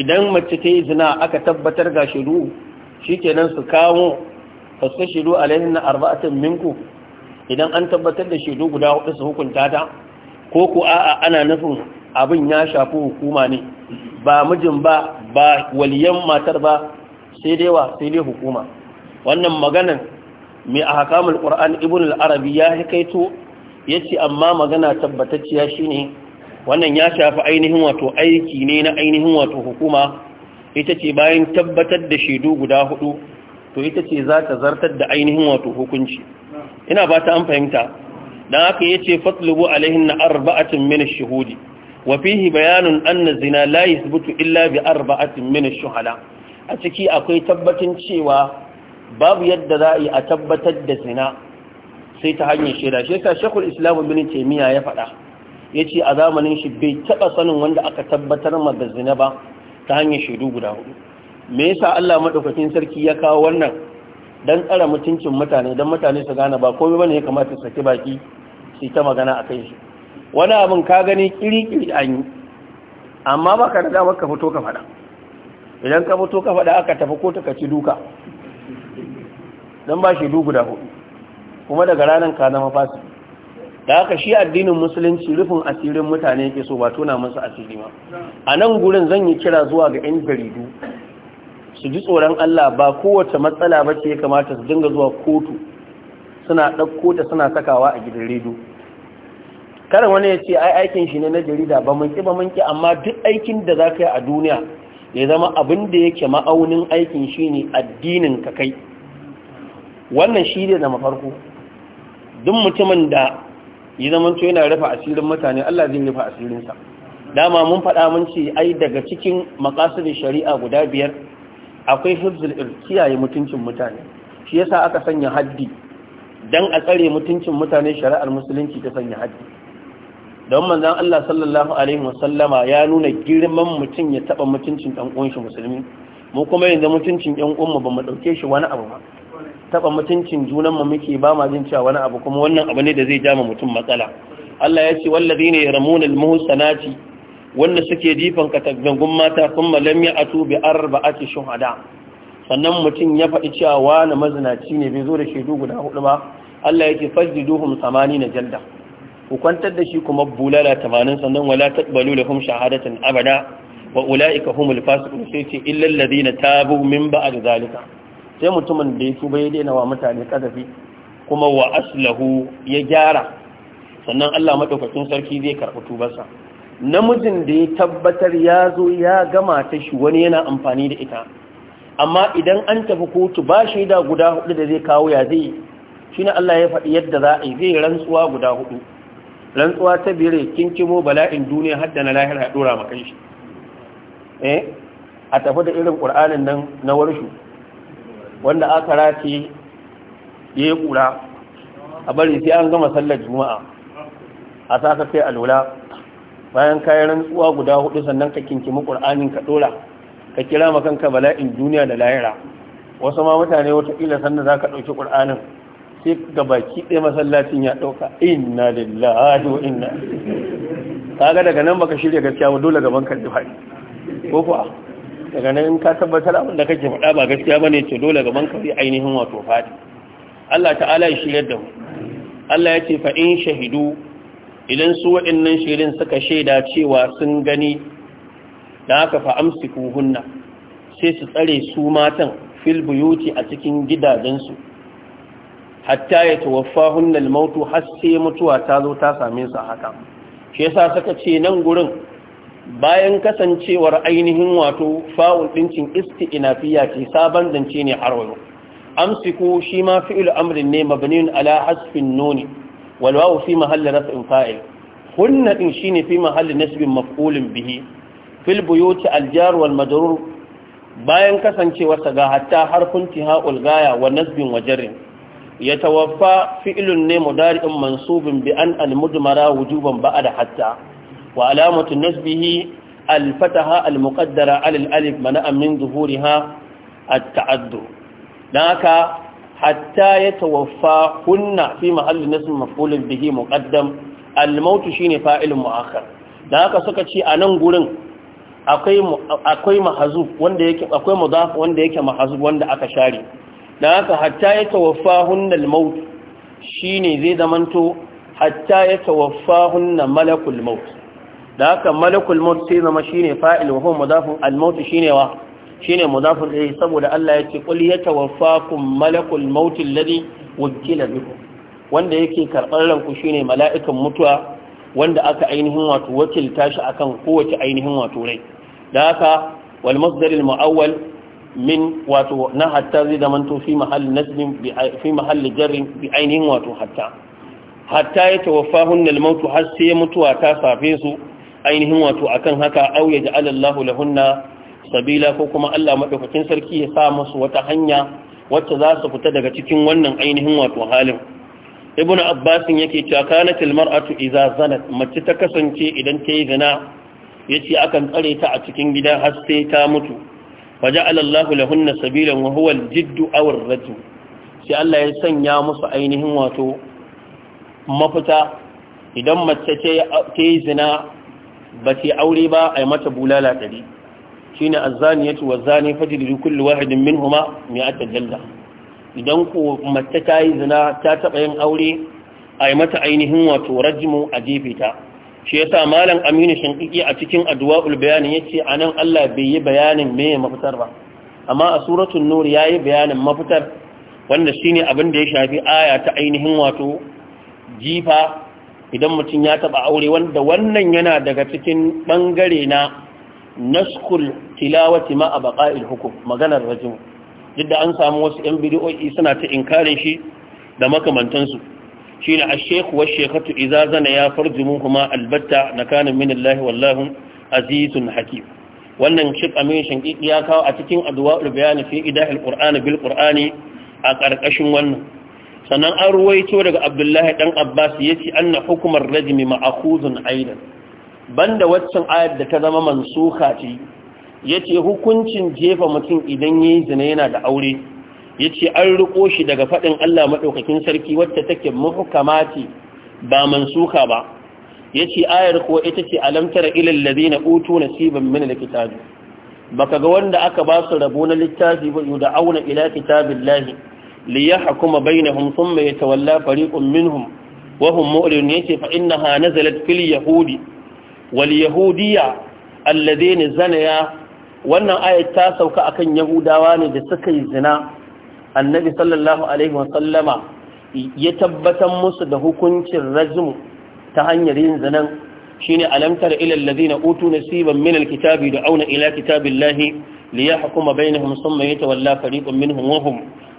idan mace ta yi zina aka tabbatar ga shiru nan su kawo fasta shiru alaihin na arba'atin minku idan an tabbatar da shiru guda hudu su hukunta ta ko ku a'a ana nufin abin ya shafi hukuma ne ba mijin ba ba waliyan matar ba sai dai wa sai dai hukuma wannan maganan mai a hakamul ƙur'an ibn al-arabi ya hikaito ya ce amma magana tabbatacciya shine wannan ya shafi ainihin wato aiki ne na ainihin wato hukuma ita ce bayan tabbatar da shaidu guda hudu to ita ce za ta zartar da ainihin wato hukunci ina ba ta an fahimta don haka ya ce fatlubu alaihin na arba'atin min shahudi. wa fihi bayanun anna zina layi yasbutu illa bi arba'atin min shuhada a ciki akwai tabbatin cewa babu yadda za a yi a tabbatar da zina sai ta hanyar shaida shi yasa shekul islam ibn taymiya ya faɗa ya ce a zamanin shi bai taɓa sanin wanda aka tabbatar ma da zina ba ta hanyar shaidu guda hudu me yasa Allah madaukakin sarki ya kawo wannan dan tsara mutuncin mutane dan mutane su gane ba komai bane ya kamata su saki baki su ta magana akan shi wani abin ka gani kirikiri an yi amma ba ka da maka ka fito ka faɗa idan ka fito ka faɗa aka tafi ko ta kaci duka dan ba shi du guda hudu kuma daga ranar ka zama fasu da haka shi addinin musulunci rufin asirin mutane yake so ba tona musu asiri ma a nan gurin zan yi kira zuwa ga 'yan jaridu su ji tsoron Allah ba kowace matsala ba ce ya kamata su dinga zuwa kotu suna ɗauko ta suna sakawa a gidan redu karin wani ya ce ai aikin shi ne na jarida ba manke ba manke amma duk aikin da za ka yi a duniya ya zama abin da yake ma'aunin aikin shi ne addinin ka kai wannan shi ne da mafarko duk mutumin da yi zaman to yana rufe asirin mutane Allah zai rufe asirinsa dama mun faɗa mun ce ai daga cikin makasidin shari'a guda biyar akwai hibzul kiyaye mutuncin mutane shi yasa aka sanya haddi dan a tsare mutuncin mutane shari'ar musulunci ta sanya haddi don manzon Allah sallallahu alaihi wasallama ya nuna girman mutum ya taba mutuncin dan uwan shi musulmi mu kuma yanzu mutuncin ɗan uwan mu bamu ɗauke shi wani abu ba taba mutuncin junanmu muke ba ma jin cewa wani abu kuma wannan abu ne da zai jama mutum matsala Allah ya ce wallazi ne almuhsanati wanda suke jifan kataggangun mata kuma lam ya'tu bi arba'ati shuhada sannan mutum ya faɗi cewa wani mazinaci ne bai zo da shaidu guda hudu ba Allah ya ce fajjiduhum na jalda ku kwantar da shi kuma bulala 80 sannan wala taqbalu lahum shahadatan abada wa ulaika humul fasiqun sai ce illal ladina tabu min ba'd zalika sai mutumin da ya tuba ya daina wa mutane kazafi kuma wa aslahu ya gyara sannan Allah madaukakin sarki zai karɓi tubarsa namijin da ya tabbatar ya zo ya gama ta shi wani yana amfani da ita amma idan an tafi kotu ba da guda hudu da zai kawo ya zai shi ne Allah ya faɗi yadda za a yi zai rantsuwa guda hudu rantsuwa ta biyar kinkimo bala'in duniya hadda na lahira ya dora maka shi eh, a tafi da irin ƙur'anin nan na warshu wanda aka rafi ya yi ƙura a bari sai an gama sallar juma'a a sa sai, kai lura, bayan kayan rantsuwa guda hudu sannan ka mu ƙur'anin ka ɗora ka kira ka bala'in duniya da layira wasu ma mutane wataƙila sannan za ka ɗauki ƙur'anin sai ga baki ɗaya masallacin ya ɗauka inna lillahi wa inna kaga daga nan baka shirya gaskiya ba dole gaban jihari daga nan in ka tabbatar abin da kake faɗa ba gaskiya ba ne ce dole gaban ka ainihin wato faɗi Allah ta'ala ya shirya da mu Allah ya ce fa in shahidu idan su waɗannan shirin suka shaida cewa sun gani da haka fa amsiku hunna sai su tsare su matan fil buyuti a cikin gidajensu hatta ya tawaffa hunnal mautu har sai mutuwa ta zo ta same su haka shi yasa suka ce nan gurin bayan kasancewar ainihin wato fa'ul ɗincin ina fiya ce sabon zance ne har Amsi ko shi ma fi'il amrin ne mabnin ala hasfin nuni walwawu fi mahallin rasin fa'il hunna ɗin shi ne fi mahallin nasibin maf'ulin bihi fil buyuti aljar wal madarur bayan kasancewarsa ga hatta harfin tiha'ul gaya wa nasbin wajarin ya tawaffa fi'ilun ne mudari'in mansubin bi an al-mudmara wujuban da hatta wa alamatu nasbihi alfataha almuqaddara alal alif mana'a min zuhuriha at-ta'addu dan haka hatta yatawaffa kunna fi mahalli nasb maf'ulun bihi muqaddam al-maut shine fa'ilun mu'akhkhar dan haka suka ce a nan gurin akwai akwai mahzuf wanda yake akwai mudaf wanda aka share dan haka hatta shine zai zamanto hatta malakul maut da haka malakul maut sai zama shine fa'il wa huwa mudafun al maut shine wa shine mudafun ilayhi eh, saboda Allah ya ce qul yatawaffakum malakul maut alladhi wukila bikum wanda yake karɓar ranku shine mala'ikan mutuwa wanda aka ainihin wato wakilta shi akan kowace ainihin wato rai da haka wal masdar al muawwal min wato na hatta zai zamanto fi mahall nasbin fi mahall jarrin bi ainihin wato hatta hatta ya yatawaffahun al maut har sai mutuwa ta safe su ainihin wato akan haka au ya ja'ala Allahu lahunna sabila ko kuma Allah madaukakin sarki ya sa musu wata hanya wacce za su fita daga cikin wannan ainihin wato halin ibnu abbas yake cewa kanat almar'atu idza zanat mace ta kasance idan ta yi zina yace akan tsare ta a cikin gida har sai ta mutu faja'ala Allahu lahunna sabilan wa huwa aljiddu aw arrajul sai Allah ya sanya musu ainihin wato mafita idan mace ce ta yi zina ba ce aure ba a yi mata bulala ɗari shi ne zani ya ce wa zane fajiri kullu wahidin min huma mai ata jalla idan ko mace ta yi zina ta taɓa yin aure a yi mata ainihin wato rajimu a jefe ta shi ya sa malam aminu shinkiki a cikin addu'a'ul bayanin ya ce a nan allah bai yi bayanin me mafitar ba amma a suratun nur ya yi bayanin mafitar wanda shine abin da ya shafi aya ta ainihin wato jifa idan mutum ya taba aure wanda wannan yana daga cikin bangare na naskul tilawati ma a baƙa'il hukum maganar Duk da an samu wasu yan bidiyoyi suna ta inkarin shi da makamantansu shi ne a shekhu wa shekatu iza zana ya mun kuma albatta na kanin minallahi wallahu azizun hakim wannan shi kamin shanƙiƙi ya kawo a cikin addu'a bayani fi idahil qur'ani bil qur'ani a ƙarƙashin wannan sannan an ruwaito daga abdullahi ɗan abbas ya ce an na hukumar rajimi ma'akuzun aidan banda waccan ayar da ta zama mansuka ce ya ce hukuncin jefa mutum idan ya yi zina yana da aure ya ce an riko shi daga faɗin allah maɗaukakin sarki wacce take mahukama ce ba mansuka ba ya ce ayar kuwa ita ce alamtara ilal na utu nasiban da kitabi baka ga wanda aka ba su rabo na littafi ba yu da auna ila kitabillahi liyahkuma bainahum thumma yatawalla fariqun minhum wa hum mu'ridun yace fa innaha nazalat fil yahudi wal yahudiyya alladhina zanaya wannan ayat ta sauka akan yahudawa ne da suka yi zina annabi sallallahu alaihi wa sallama ya tabbatar musu da hukuncin rajmu ta hanyar yin zinan shine alamtar ila alladhina utu nasiban min alkitabi da'una ila kitabillahi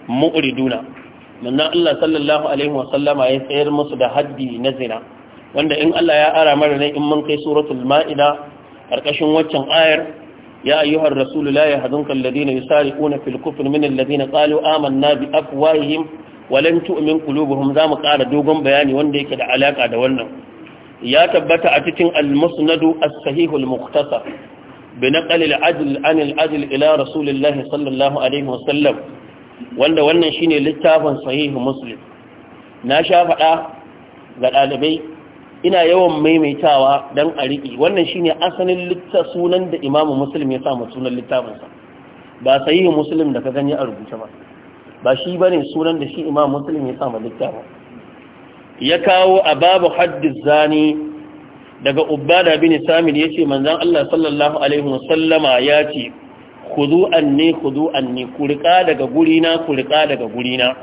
mu'riduna manzon Allah sallallahu alaihi wa sallama ya tsayar musu da haddi na zina wanda in Allah ya ara mana ne in mun kai suratul ma'ida karkashin waccan ayar ya ayyuhar rasul la yahzunka alladhina yusariquna fil kufr min alladhina qalu amanna bi afwahihim wa lam tu'min qulubuhum zamu kara dogon bayani wanda yake da alaka da wannan ya tabbata a cikin al-musnad as-sahih al-mukhtasar بنقل العدل عن العدل إلى رسول الله صلى الله عليه وسلم wanda wannan shine littafin sahihu muslim na sha faɗa ga ɗalibai ina yawan maimaitawa don a riƙe wannan shine asalin littafin sunan da imamu muslim ya samu sunan littafinsa ba sahihu muslim da ka gani a rubuce ba ba shi ba ne sunan da shi imamu muslim ya samu littafin ya kawo a babu haddis zani daga ubada bin samir ya ce manzan allah sallallahu alaihi wasallama ya ce khudu anni khudu anni ku riƙa daga gurina ku riƙa daga gurina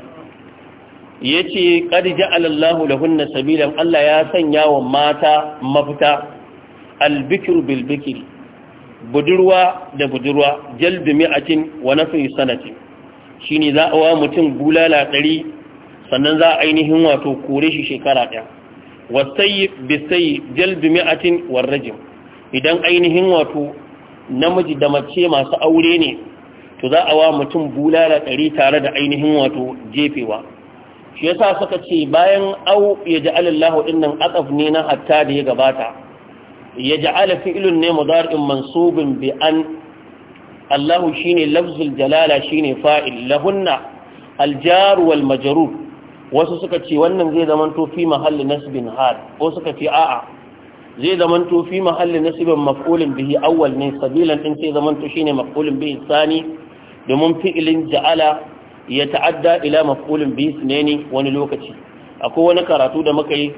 yace qad alallahu Allahu hunna sabilan Allah ya sanya wa mata mafita albikru bil bikri budurwa da budurwa jalbi mi'atin wa nafi sanatin shine za a wa mutum bulala ɗari sannan za a ainihin wato kore shi shekara ɗaya wasayi bisayi jalbi mi'atin warrajin idan ainihin wato namiji da mace masu aure ne to za a wa mutum bulala ɗari tare da ainihin wato jefewa shi yasa suka ce bayan au ya ja'ala Allahu dinnan ne na hatta da ya gabata ya ja'ala fi'lun ne mudari'un mansubin bi an Allahu shine lafzul jalala shine fa'il lahunna aljar wal wasu suka ce wannan zai zama to fi mahalli nasbin hal ko suka ce a'a zai zamanto fi mahalli nasibin maf'ulin bihi awwal ne sabilan din sai zamanto shine maf'ulin bihi sani domin fi'ilin ja'ala ya ta'adda ila maf'ulin bihi sunani wani lokaci akwai wani karatu da muka yi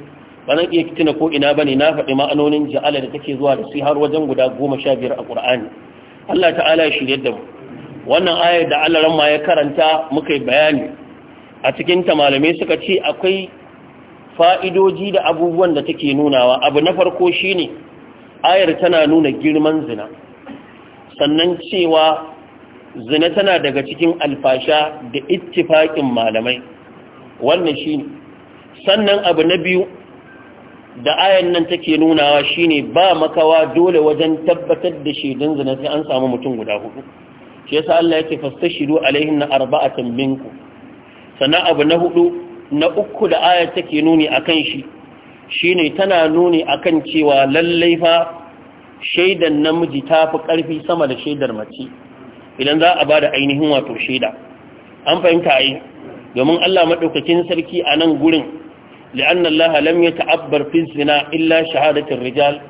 ba nan iya kitina ko ina bane na faɗi ma'anonin ja'ala da take zuwa da su har wajen guda goma sha biyar a ƙur'ani Allah ta'ala ya shirya da mu wannan ayar da Allah ran ma ya karanta muka yi bayani a cikin ta malamai suka ce akwai fa'idoji da abubuwan da take nunawa abu na farko shine ayar tana nuna girman zina sannan cewa zina tana daga cikin alfasha da ittifakin malamai wannan shine sannan abu na biyu da ayar nan take nunawa shine ba makawa dole wajen tabbatar da shaidun zina sai an samu mutum guda hudu shi yasa Allah yake alaihin na arba'atan minku sannan abu na hudu na uku da ayar take nuni akan shi shine tana nuni akan cewa lallai fa shaidan namiji ta fi ƙarfi sama da shaidar mace idan za a ba da ainihin wato shaida an fahimta yi domin Allah maɗaukakin sarki a nan gurin li'an Allah lam ya ta'abbar fi zina illa shahadatul rijal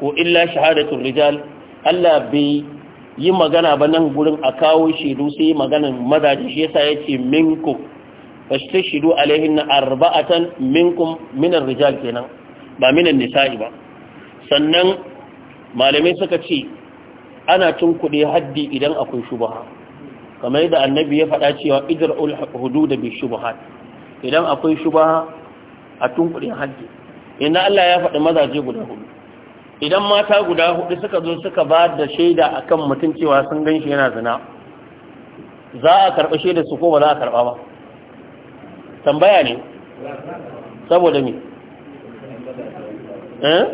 ko illa shahadatul rijal Allah bai yi magana ba nan gurin a kawo shaidu sai maganar mazaje shi yasa yace minku fastashidu alaihinna arba'atan minkum minar rijal kenan ba minan nisa'i ba sannan malamai suka ce ana tun tunkuɗe haddi idan akwai shubaha kamar yadda annabi ya faɗa cewa idra'ul hudud bi shubahat idan akwai shubaha a tun tunkuɗe haddi inna Allah ya faɗi mazaje guda hudu idan mata guda hudu suka zo suka ba da shaida akan mutum cewa sun gan shi yana zina za a karɓi shaida su ko ba za a karɓa ba tambaya ne saboda me eh?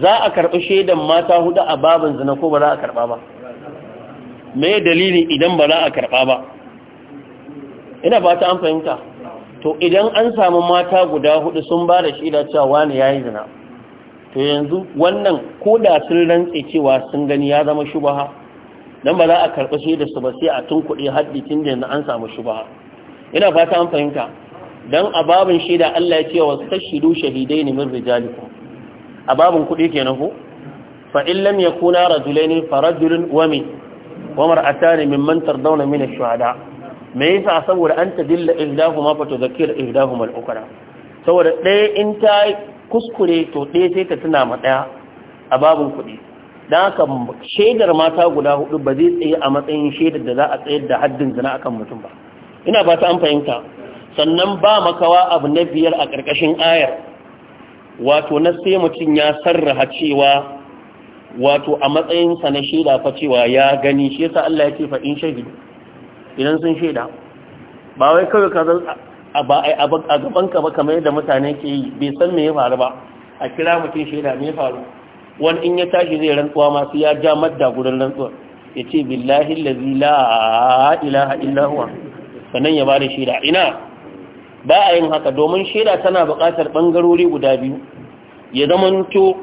za a karɓi shaidan mata hudu a babin zina ko ba za a karɓa ba me dalili idan ba za a karɓa ba ina ba ta an fahimta to idan an samu mata guda hudu sun ba da shaida cewa wani ya yi zina to yanzu wannan ko da sun rantse cewa sun gani ya zama shubaha don ba za a karɓi shaida su ba sai a tun kuɗi haddi tun da an samu shubaha ina fata an fahimta don a babin shaida Allah ya ce wa tashidu shahidaini min rijaliku. a babin kuɗi kenan ko fa in lam kuna rajulaini fa rajulun wa min wa mar'atani mantar dauna min shuhada me sa saboda an tadilla ihdahuma fa tudhakkir ihdahuma al-ukhra saboda ɗaya in ta kuskure to ɗaya sai ta tuna ma ɗaya a kuɗi dan haka shaidar mata guda hudu ba zai tsaye a matsayin shaidar da za a tsayar da haddin zina akan mutum ba ina ba ta an fahimta sannan ba makawa abu na biyar a ƙarƙashin ayar wato na sai mutum ya sarraha cewa wato a matsayinsa na shaida fa cewa ya gani shi yasa Allah ya ce fa in shahidu idan sun shaida ba wai kawai ka a ka ba kamar yadda mutane ke yi bai san me ya faru ba a kira mutum shaida me ya faru wani in ya tashi zai rantsuwa masu ya ja madda gurin rantsuwa ya ce billahi allazi la ilaha huwa sannan ya bada shaida ina ba a yin haka domin shaida tana buƙatar ɓangarori guda biyu ya zamanto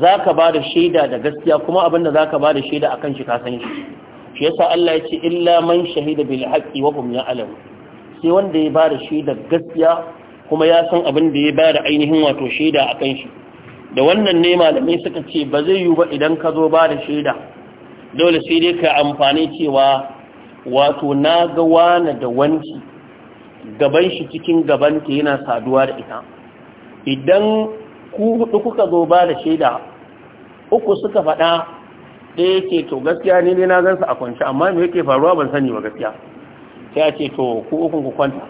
za ka ba da shaida da gaskiya kuma abinda za ka ba da shaida a kan shi ka san shi shi yasa Allah ya ce illa man shahida bil haqqi wa hum ya'lamun sai wanda ya ba da shaida gaskiya kuma ya san abin da ya ba da ainihin wato shaida a kan shi da wannan ne malamai suka ce ba zai yiwu ba idan ka zo ba da shaida dole sai dai ka amfani cewa wato na ga wane da wanki gaban shi cikin gabanta yana saduwa da ita idan ku hudu kuka zo ba da shaida uku suka faɗa ɗaya ce to gaskiya ne ne na su a kwanci amma me yake faruwa ban sani ba gaskiya sai a ce to ku ukun ku kwanta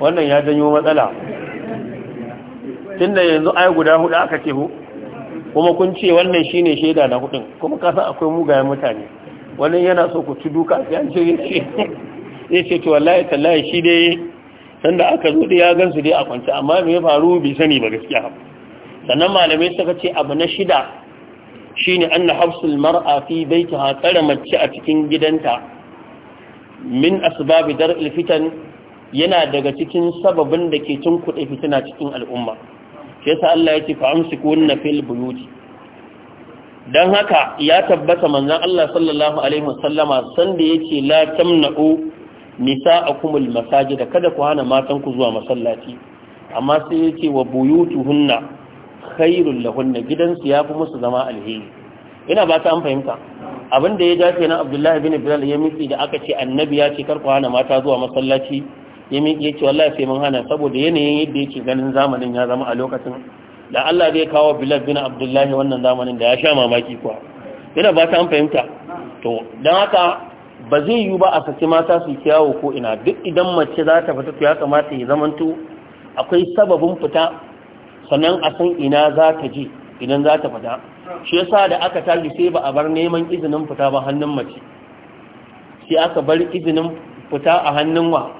wannan ya janyo matsala tunda yanzu ai guda hudu aka ce kuma kun ce wannan shine shaida na hudun kuma kasan akwai mugayen mutane wani yana so ku ci duka a an ce ya ce to wallahi tallahi shi dai sanda aka zo da ya gansu dai a kwance amma me ya faru bai sani ba gaskiya sannan malamai suka ce abu na shida shine anna hafsul Mar'afi bai baitiha tsara mace a cikin gidanta min asbabi dar fitan yana daga cikin sababin da ke cin kuɗe fitina cikin al'umma shi yasa Allah ya ce fa amsikunna fil buyuti don haka ya tabbata manzan Allah sallallahu Alaihi wasallama sanda ya ce la tamna'u nisa a kumul masaji da kada ku hana matanku zuwa masallaci amma sai ya ce wa buyutu hunna khairun lahunna gidansu ya fi musu zama alheri ina ba ta an fahimta abin da ya dace na abdullahi bin bilal ya miki da aka ce annabi ya ce kar ku hana mata zuwa masallaci ya miki ya ce wallahi sai mun hana saboda yanayin yadda yake ganin zamanin ya zama a lokacin da Allah zai kawo Bilal bin Abdullahi wannan zamanin da ya sha mamaki kuwa yana ba ta an fahimta to don haka ba zai yi ba a saki mata su kyawo ko ina duk idan mace za ta fita ya kamata ya zamanto akwai sababin fita sannan a san ina za ta ji idan za ta fita shi yasa da aka tali sai ba a bar neman izinin fita ba hannun mace sai aka bar izinin fita a hannun wa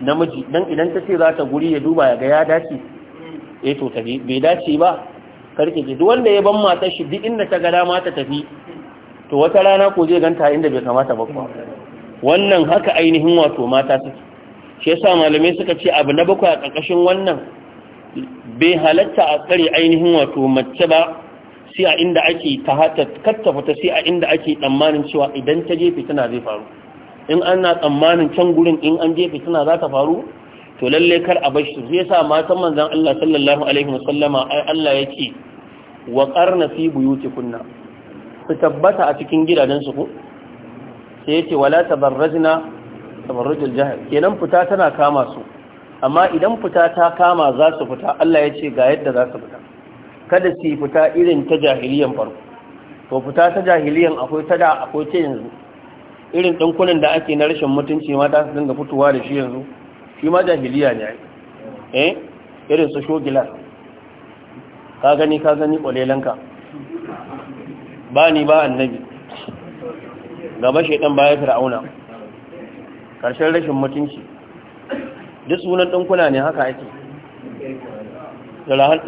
namiji dan idan ta ce za ta guri ya duba ya ga ya dace eh to tafi bai dace ba karki ji duk wanda ya ban matar shi duk inda ta ga dama ta tafi to wata rana ko zai ganta inda bai kamata ba wannan haka ainihin wato mata suke shi yasa malamai suka ce abu na bakwai a ƙarƙashin wannan bai halatta a tsare ainihin wato mace ba sai a inda ake ta hata kattafa ta sai a inda ake tsammanin cewa idan ta je fitina zai faru in ana tsammanin can gurin in an je fitina za ta faru to lalle kar a bashi zai sa matan manzon Allah sallallahu alaihi wasallama ai Allah yake wa qarna fi buyutikunna su tabbata a cikin gidajen su ko sai yace wala tabarrajna tabarrujul jahl kenan fita tana kama su amma idan fita ta kama za su fita Allah yace ga yadda za su fita kada su fita irin ta jahiliyan farko to fita ta jahiliyan akwai ta da akwai ta yanzu irin dinkunan da ake na rashin mutunci mata su dinga fitowa da shi yanzu shi ma jahiliya ne eh irin su shogilar ka gani ka gani kwalelanka ba ni ba annabi gaba shaidan baya fir'auna karshen rashin mutunci duk sunan dinkuna ne haka ake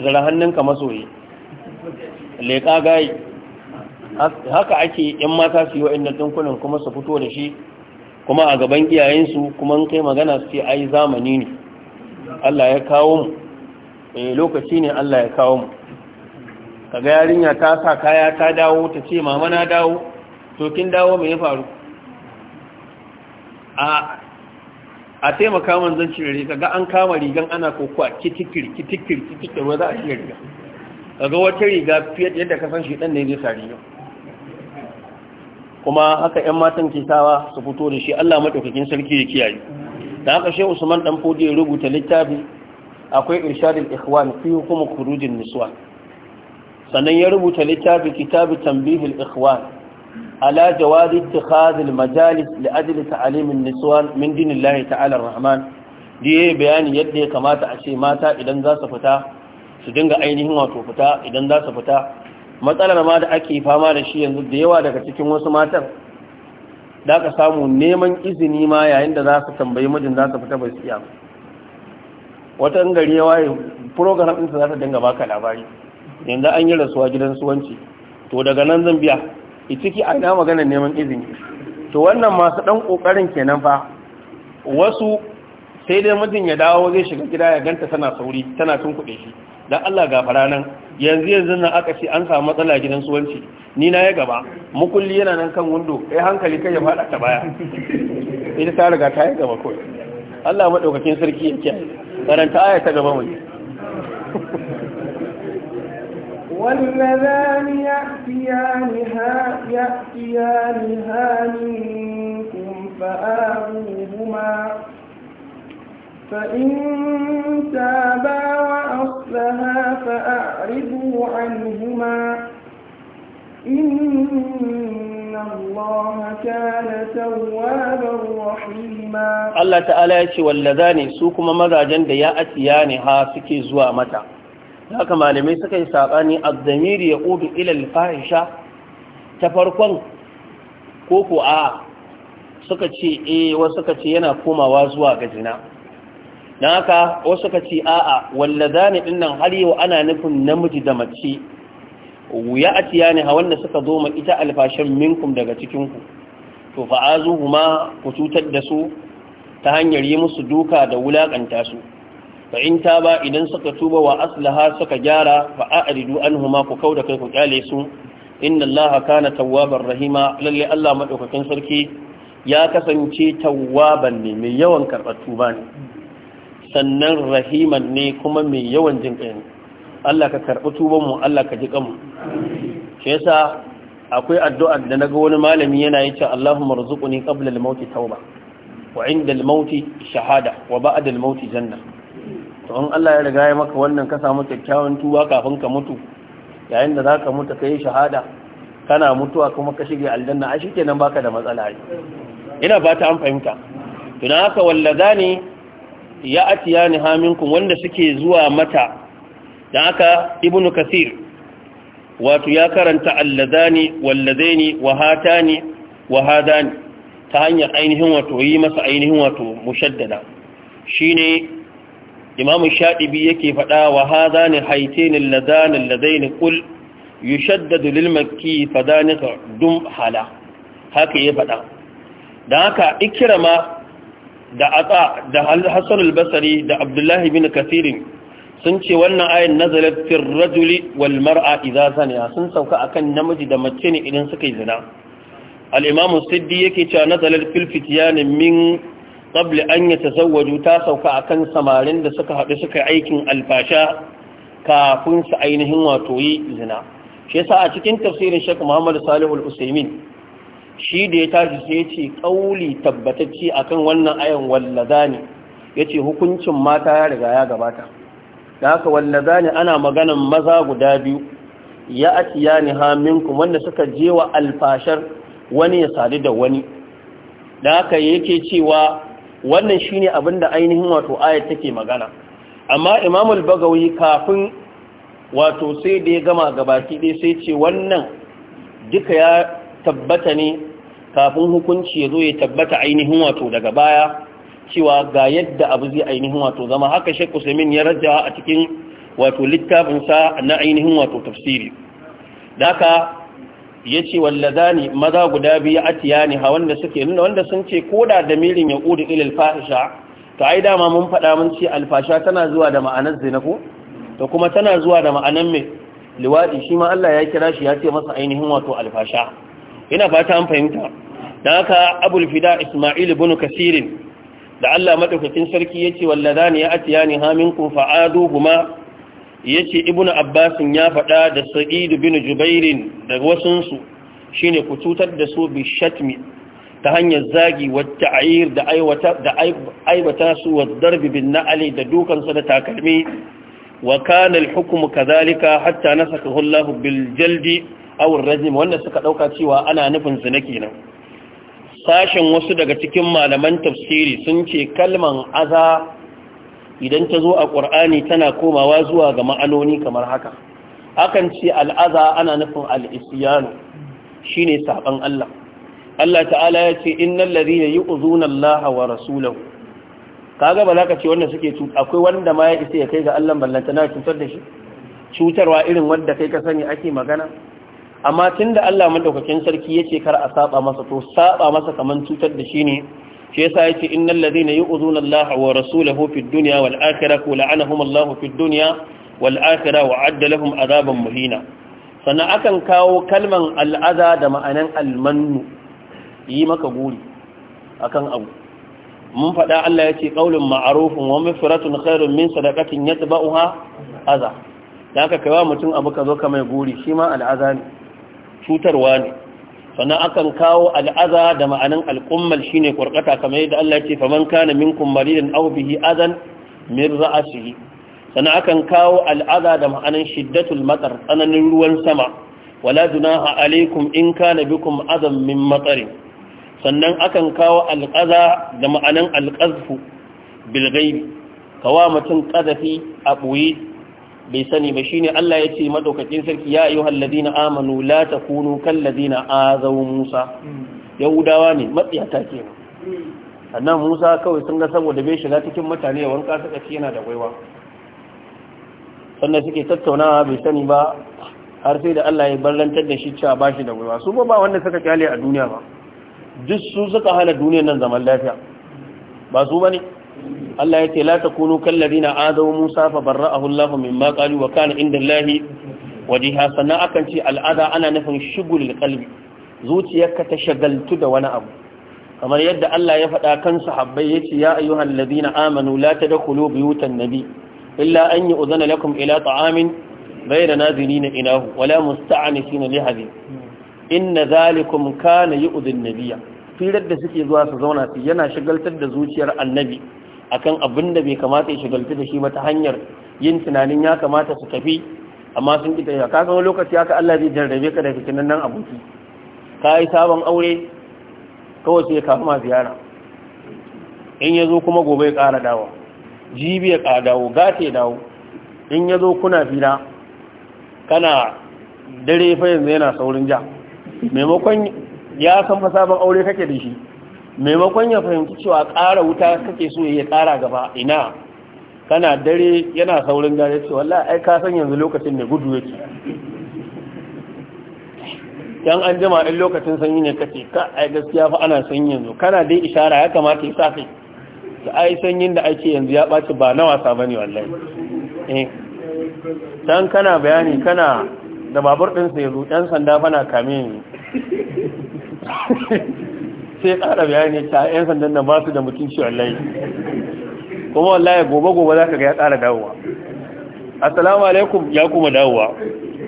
zara hannunka masoyi leƙa gayi haka ake yan mata su yi wa'in dinkunan kuma su fito da shi kuma a gaban iyayensu kuma in kai magana su ce ai zamani ne Allah ya kawo mu eh lokaci ne Allah ya kawo mu kaga yarinya ta sa kaya ta dawo ta ce mama na dawo to kin dawo me ya faru a a taimaka man zan cire riga ga an kama rigan ana kokowa kitikir kitikir kitikir wa za a cire riga kaga wata riga fiye da yadda ka san shi dan ne zai sa riga kuma haka 'yan matan kitawa su fito da shi Allah maɗaukakin sarki ya kiyaye da haka shi Usman dan fodi ya rubuta littafi akwai irshadul ikhwan fi hukum khurujin niswan sannan ya rubuta littafi kitabu tanbihul ikhwan ala jawaz ittikhadh al majalis li ajli ta'lim an niswan min dinillahi ta'ala arrahman diye bayani yadda ya kamata a ce mata idan za su fita su dinga ainihin wato fita idan za su fita matsalar ma da ake fama da shi yanzu da yawa daga cikin wasu matan da ka samu neman izini ma yayin da za su tambayi mijin za su fita basiya wata gari ya waye program ɗinsa za ta dinga baka labari yanzu an yi rasuwa gidan suwanci to daga nan zan biya ciki a ina magana neman izini to wannan masu ɗan ƙoƙarin kenan fa wasu sai dai mijin ya dawo zai shiga gida ya ganta tana sauri tana tun kuɗe shi don Allah gafara nan yanzu yanzu nan aka ce an samu matsala gidan suwanci ni na ya gaba mukulli yana nan kan wundo kai hankali kai ya fada ta baya ita ta riga ta ya gaba kawai Allah madaukakin sarki ya kiyaye karanta aya ta gaba mu واللذان يأتيانها يأتيانها منكم فآبوهما فإن تابا وأصلها فأعرضوا عنهما إن الله كان توابا رحيما الله تعالى يتي والذاني سوكما ماذا جند يا أتياني ها سكي زوا متى haka malamai suka yi saɓani a zamiri ya ƙudu ilal fahisha ta farkon koko a suka e wasu suka ce yana komawa zuwa gajina Na haka wasu ka ce a'a za ni dinnan har yau ana nufin namiji da mace wuya a ciya ne hawan da suka zo ma ita alfashin minkum daga cikinku to fa'azu kuma ku cutar da su ta hanyar yi musu duka da wulaƙanta su Ba in ta ba idan suka tuba wa aslaha suka gyara fa a'ridu anhuma ku kau da kai ku kyale su inna Allah kana tawwabar rahima lalle Allah maɗaukakin sarki ya kasance tawwaban ne mai yawan karɓar tuba ne sannan rahiman ne kuma mai yawan jin ƙai ne Allah ka karɓi tubanmu Allah ka ji ƙanmu shi yasa akwai addu'ar da na ga wani malami yana yi cewa Allahumma rzuqni ne, al-maut tauba wa inda shahada wa ba'da al-maut janna to in Allah ya riga ya maka wannan ka samu kyakkyawan tuba kafin ka mutu yayin da zaka mutu yi shahada kana mutuwa kuma ka shige aljanna ai na baka da matsala ina ba ta an fahimta to dan haka ne ya atiya ni haminkum wanda suke zuwa mata Da aka ibnu kasir wato ya karanta alladani walladaini wahatani wahadani ta hanyar ainihin wato yi masa ainihin wato mushaddada shine imam shadibi yake fada wahadani haitaini, alladani alladaini qul yushaddadu lil makki fadani, dum hala haka ya fada dan haka ikrama da atsa da al-hasan da abdullahi bin kathirin sun ce wannan ayin nazalar firrajuli rajuli wal mar'a zaniya sun sauka akan namiji da mace ne idan suka yi zina al-imam siddi yake cewa nazalar fil fityan min qabl an yatazawwaju ta sauka akan samarin da suka haɗu suka aikin alfasha kafin su ainihin wato yi zina shi yasa a cikin tafsirin Sheikh Muhammad Salihu Al-Usaimin shi da ya tashi sai ce ƙauli tabbatacce akan wannan ayan wallaza ne ya ce hukuncin mata ya riga ya gabata da haka wallaza ne ana maganan maza guda biyu ya atiya ni minku wanda suka je wa alfashar wani ya sadu da wani da haka yake cewa wannan shine abin da ainihin wato ayat take magana amma imamul bagawi kafin wato sai da ya gama gabaki ɗaya sai ce wannan duka ya tabbata ne kafin hukunci ya zo ya tabbata ainihin wato daga baya cewa ga yadda abu zai ainihin wato zama haka shek kusurmin ya raja a cikin wato littafinsa na ainihin wato tafsiri daka ya ce wallazani maza guda biyu a ne ha wanda suke nuna wanda sun ce koda da milin ya ƙudu ilil fahisha to ai dama mun faɗa mun ce alfasha tana zuwa da ma'anar zina ko to kuma tana zuwa da ma'anar mai liwaɗi shi ma Allah ya kira shi ya ce masa ainihin wato alfasha ina fata an fahimta don haka abul fida ismail ibn kasirin da Allah madaukakin sarki yace walladani ya hamin haminkum fa'adu kuma. yace ibnu abbasin ya faɗa da sa'id bin jubairin daga wasun su shine ku cutar da su bi shatmi ta hanyar zagi wa ta'ir da aiwata da su wa darbi bin na'ali da dukan da takalmi wa kana al-hukmu kadhalika hatta nasakahu Allah bil jaldi awur rajim wanda suka dauka cewa ana nufin zina kenan sashen wasu daga cikin malaman tafsiri sun ce kalman aza idan ta zo a ƙur'ani tana komawa zuwa ga ma'anoni kamar haka akan ce al'aza ana nufin al'isiyanu shine saban Allah Allah ta'ala ya ce innal ladhina yu'zuna Allah wa rasulahu kaga ba ka ce wanda suke cuta akwai wanda ma ya isa ya kai ga Allah ballanta na cutar da shi cutarwa irin wanda kai ka sani ake magana amma tunda Allah madaukakin sarki yace kar a saba masa to saba masa kaman cutar da shi ne shi yasa yace innal ladhina yu'zuna Allah wa rasulahu fid dunya wal akhirah la'anahum Allah fid dunya wal akhirah wa adda lahum adaban muhina sannan akan kawo kalman al'aza da ma'anan almannu yi maka guri akan abu mun faɗa Allah ya ce ƙaunin ma'arufin wa mafiratun khairun min sadakatin ya taɓa'uha aza da aka kai wa mutum abu ka zo ka mai guri shi ma al'aza ne cutarwa ne sannan akan kawo al'aza da ma'anin al'ummal shine kwarkata kamar yadda Allah ya ce faman kana minkum maridan aw bihi adan min ra'sihi sannan akan kawo al'aza da ma'anin shiddatul matsar tsananin ruwan sama wala junaha alaikum in kana bikum azamin min sannan akan kawo al'aza da ma'anin alqazfu bil ghaibi kawa mutun qadafi a boye bai sani ba shi ne Allah ya ce madaukakin sarki ya ayyuhal ladina amanu la takunu kal ladina azaw Musa yahudawa ne matsiyata kenan annan Musa kawai sun ga saboda bai shiga cikin mutane wanka suka ce yana da waiwa sannan suke tattaunawa bai sani ba har sai da Allah ya ballantar da shi cewa ba shi da gwaiwa su ba ba wanda suka kyale a duniya ba duk su suka hana duniyar nan zaman lafiya ba su bane Allah ya ce la takunu kallazina adaw Musa fa a Allah min qalu wa kana inda Allah wajiha sannan akan ce al'ada ana nufin shigulul kalbi. zuciyarka ta shagaltu da wani abu kamar yadda Allah ya faɗa kan sahabbai ce ya ayyuhan ladina amanu la tadkhulu buyutan nabi illa an yu'zana lakum ila ta'amin ghayra na inahu wala musta'anisina na hadith inna zalikum kana yi an-nabiyya firar da suke zuwa su zauna su yana shagaltar da zuciyar annabi akan abin da bai kamata ya shigalta da shi mata hanyar yin tunanin ya kamata su tafi amma sun kita ya kaga wani lokaci haka Allah zai jarrabe ka da fitinan nan aboki ka yi sabon aure kawai sai ka kuma ziyara in ya zo kuma gobe ya ƙara dawo jibi ya ƙara dawo gata ya dawo in ya zo kuna fila kana dare fa yanzu yana saurin ja maimakon ya san fa sabon aure kake da shi maimakon ya fahimci cewa ƙara wuta kake so ya ƙara gaba ina kana dare yana saurin dare ce wallahi ai ka san yanzu lokacin ne gudu yake yan an jima ɗin lokacin sanyi ne kace ka ai gaskiya fa ana sanyi yanzu kana dai isharar ya kamata ya sa kai ta ai sanyin da ake yanzu ya ɓaci ba na wasa bane wallahi eh dan kana bayani kana da babur din sa zo, dan sanda fana kame ni sai ya ƙara bayani ta 'yan sandan nan ba su da mutunci wallahi kuma wallahi gobe gobe za ka ga ya ƙara dawowa assalamu alaikum ya kuma dawowa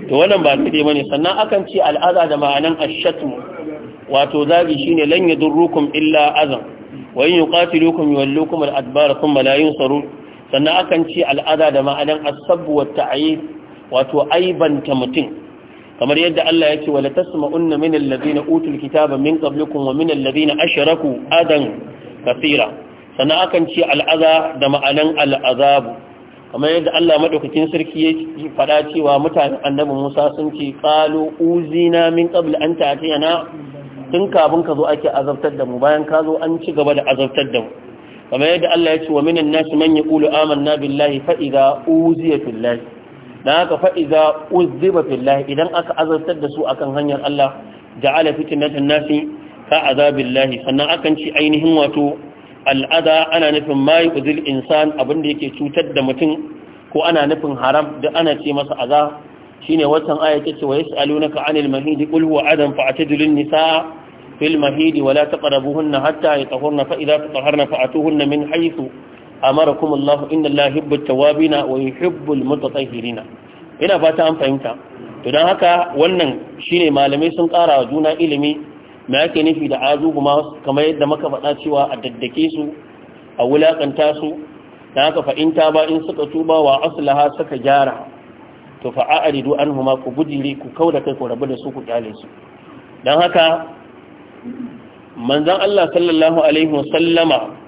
to wannan ba daidai bane sannan akan ce al'aza da ma'anan ashatmu wato zabi shine lan yadurrukum illa azan wa in yuqatilukum yuwallukum al'adbar thumma la yunsarun sannan akan ce al'aza da ma'anan as wa wato aibanta mutum kamar yadda Allah ya ce wala tasma'unna min allazina utul kitaba min qablikum wa min allazina ashraku adan kathira sana akan ce al'aza da ma'anan al'azabu kamar yadda Allah madaukakin sarki ya faɗa cewa mutanen annabi Musa sun ce qalu uzina min qabl an ta'tiyana tun kafin ka zo ake azabtar da mu bayan ka zo an ci gaba da azabtar da mu kamar yadda Allah ya ce wa minan nas man yaqulu amanna billahi fa idza uziya fillahi dan haka Fa'iza uzziba fillahi idan aka azartar da su akan hanyar Allah da fitnatan nasi ka azabillahi sannan akan ci ainihin wato al'ada ana nufin ma yuzil insan abin da yake cutar da mutum ko ana nufin haram da ana ce masa aza shine watan aya ce wa yasalunaka anil mahidi qul huwa adam fa'tadil nisaa fil mahidi wala taqrabuhunna hatta yatahurna fa a tataharna na min haythu amarakum Allah inna Allah yuhibbu tawabina wa yuhibbu almutatahhirina ina fata an fahimta to dan haka wannan shine malamai sun ƙara wa juna ilimi me yake nufi da azu kuma kamar yadda muka faɗa cewa a daddake su a wulakanta su dan haka fa in ba in suka tuba wa aslaha suka gyara to fa a'ridu anhuma ku bujire ku kauda kai ku rabu da su ku kyale su dan haka manzon Allah sallallahu alaihi wasallama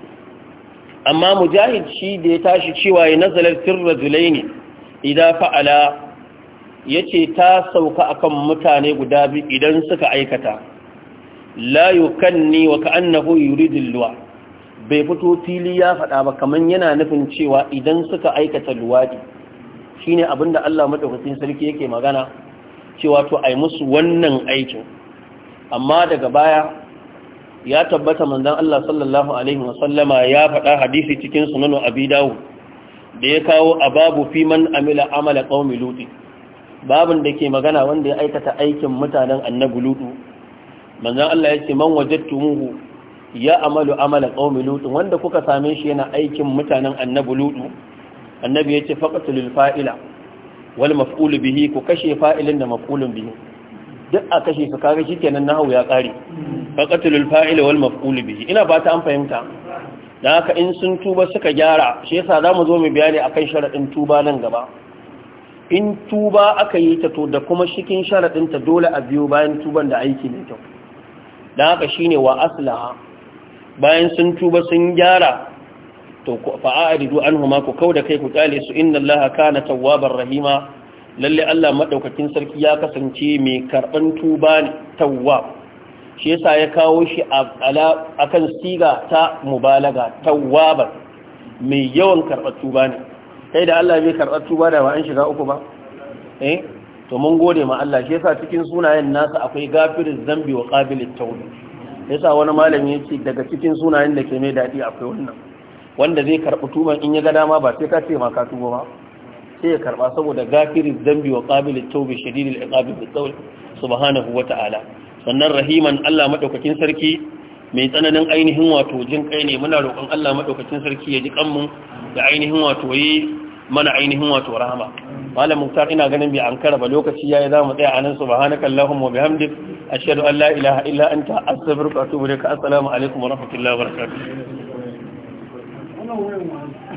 amma mujahid shi da ya tashi cewa ya nazalar sirra ne idan fa'ala ya ce ta sauka akan mutane guda biyu idan suka aikata la ni wa ka'annahu yuri luwa bai fito fili ya faɗa ba kamar yana nufin cewa idan suka aikata luwaɗi. ne shine abinda Allah madaukakin sarki yake magana cewa to ai musu wannan aikin amma daga baya ya tabbata manzon Allah sallallahu alaihi wasallama ya faɗa hadisi cikin sunanu Abi dawo da ya kawo ababu fi man amila amala ƙaumi luti babin da ke magana wanda ya aikata aikin mutanen annabi lutu manzan Allah ce man tumuhu ya amalu amala ƙaumi lutu wanda kuka same shi yana aikin mutanen annabi lutu annabi yace faqatul fa'ila wal maf'ul bihi ku kashe fa'ilin da maf'ulun bihi duk a kashe su kaga shikenan nahawu ya kare fa qatlul fa'il wal maf'ul bihi ina ba ta an fahimta dan haka in sun tuba suka gyara shi yasa zamu zo mu bayani akan sharadin tuba nan gaba in tuba aka yi ta to da kuma shikin sharadin ta dole a biyo bayan tuban da aiki ne kyau dan haka shine wa aslaha bayan sun tuba sun gyara to fa'aridu anhuma ku kauda kai ku kyale su inna allaha kana tawwabar rahima lalle Allah madaukakin sarki ya kasance mai karban tuba ne tawwa shi yasa ya kawo shi a kan siga ta mubalaga tawwaban mai yawan karɓar tuba ne sai da Allah bai karɓar tuba da ba an shiga uku ba eh to mun gode ma Allah shi yasa cikin sunayen nasa akwai gafirin zambi wa qabilit tawbi yasa wani malami ce daga cikin sunayen da ke mai dadi akwai wannan wanda zai karɓi tuban in ya ga dama ba sai ka ce ma ka tuba ba sai ya karba saboda gafirin zambi wa qabilit tawbi shadidil iqabi bil qawl subhanahu wa ta'ala sannan rahiman Allah madaukakin sarki mai tsananin ainihin wato jin kai ne muna roƙon Allah madaukakin sarki ya ji kanmu da ainihin wato yi mana ainihin wato rahama malam muktar ina ganin bai an ba lokaci yayi zamu tsaya anan subhanaka allahumma wa bihamdik ashhadu an la ilaha illa anta astaghfiruka wa atubu ilaik assalamu alaikum wa rahmatullahi wa barakatuh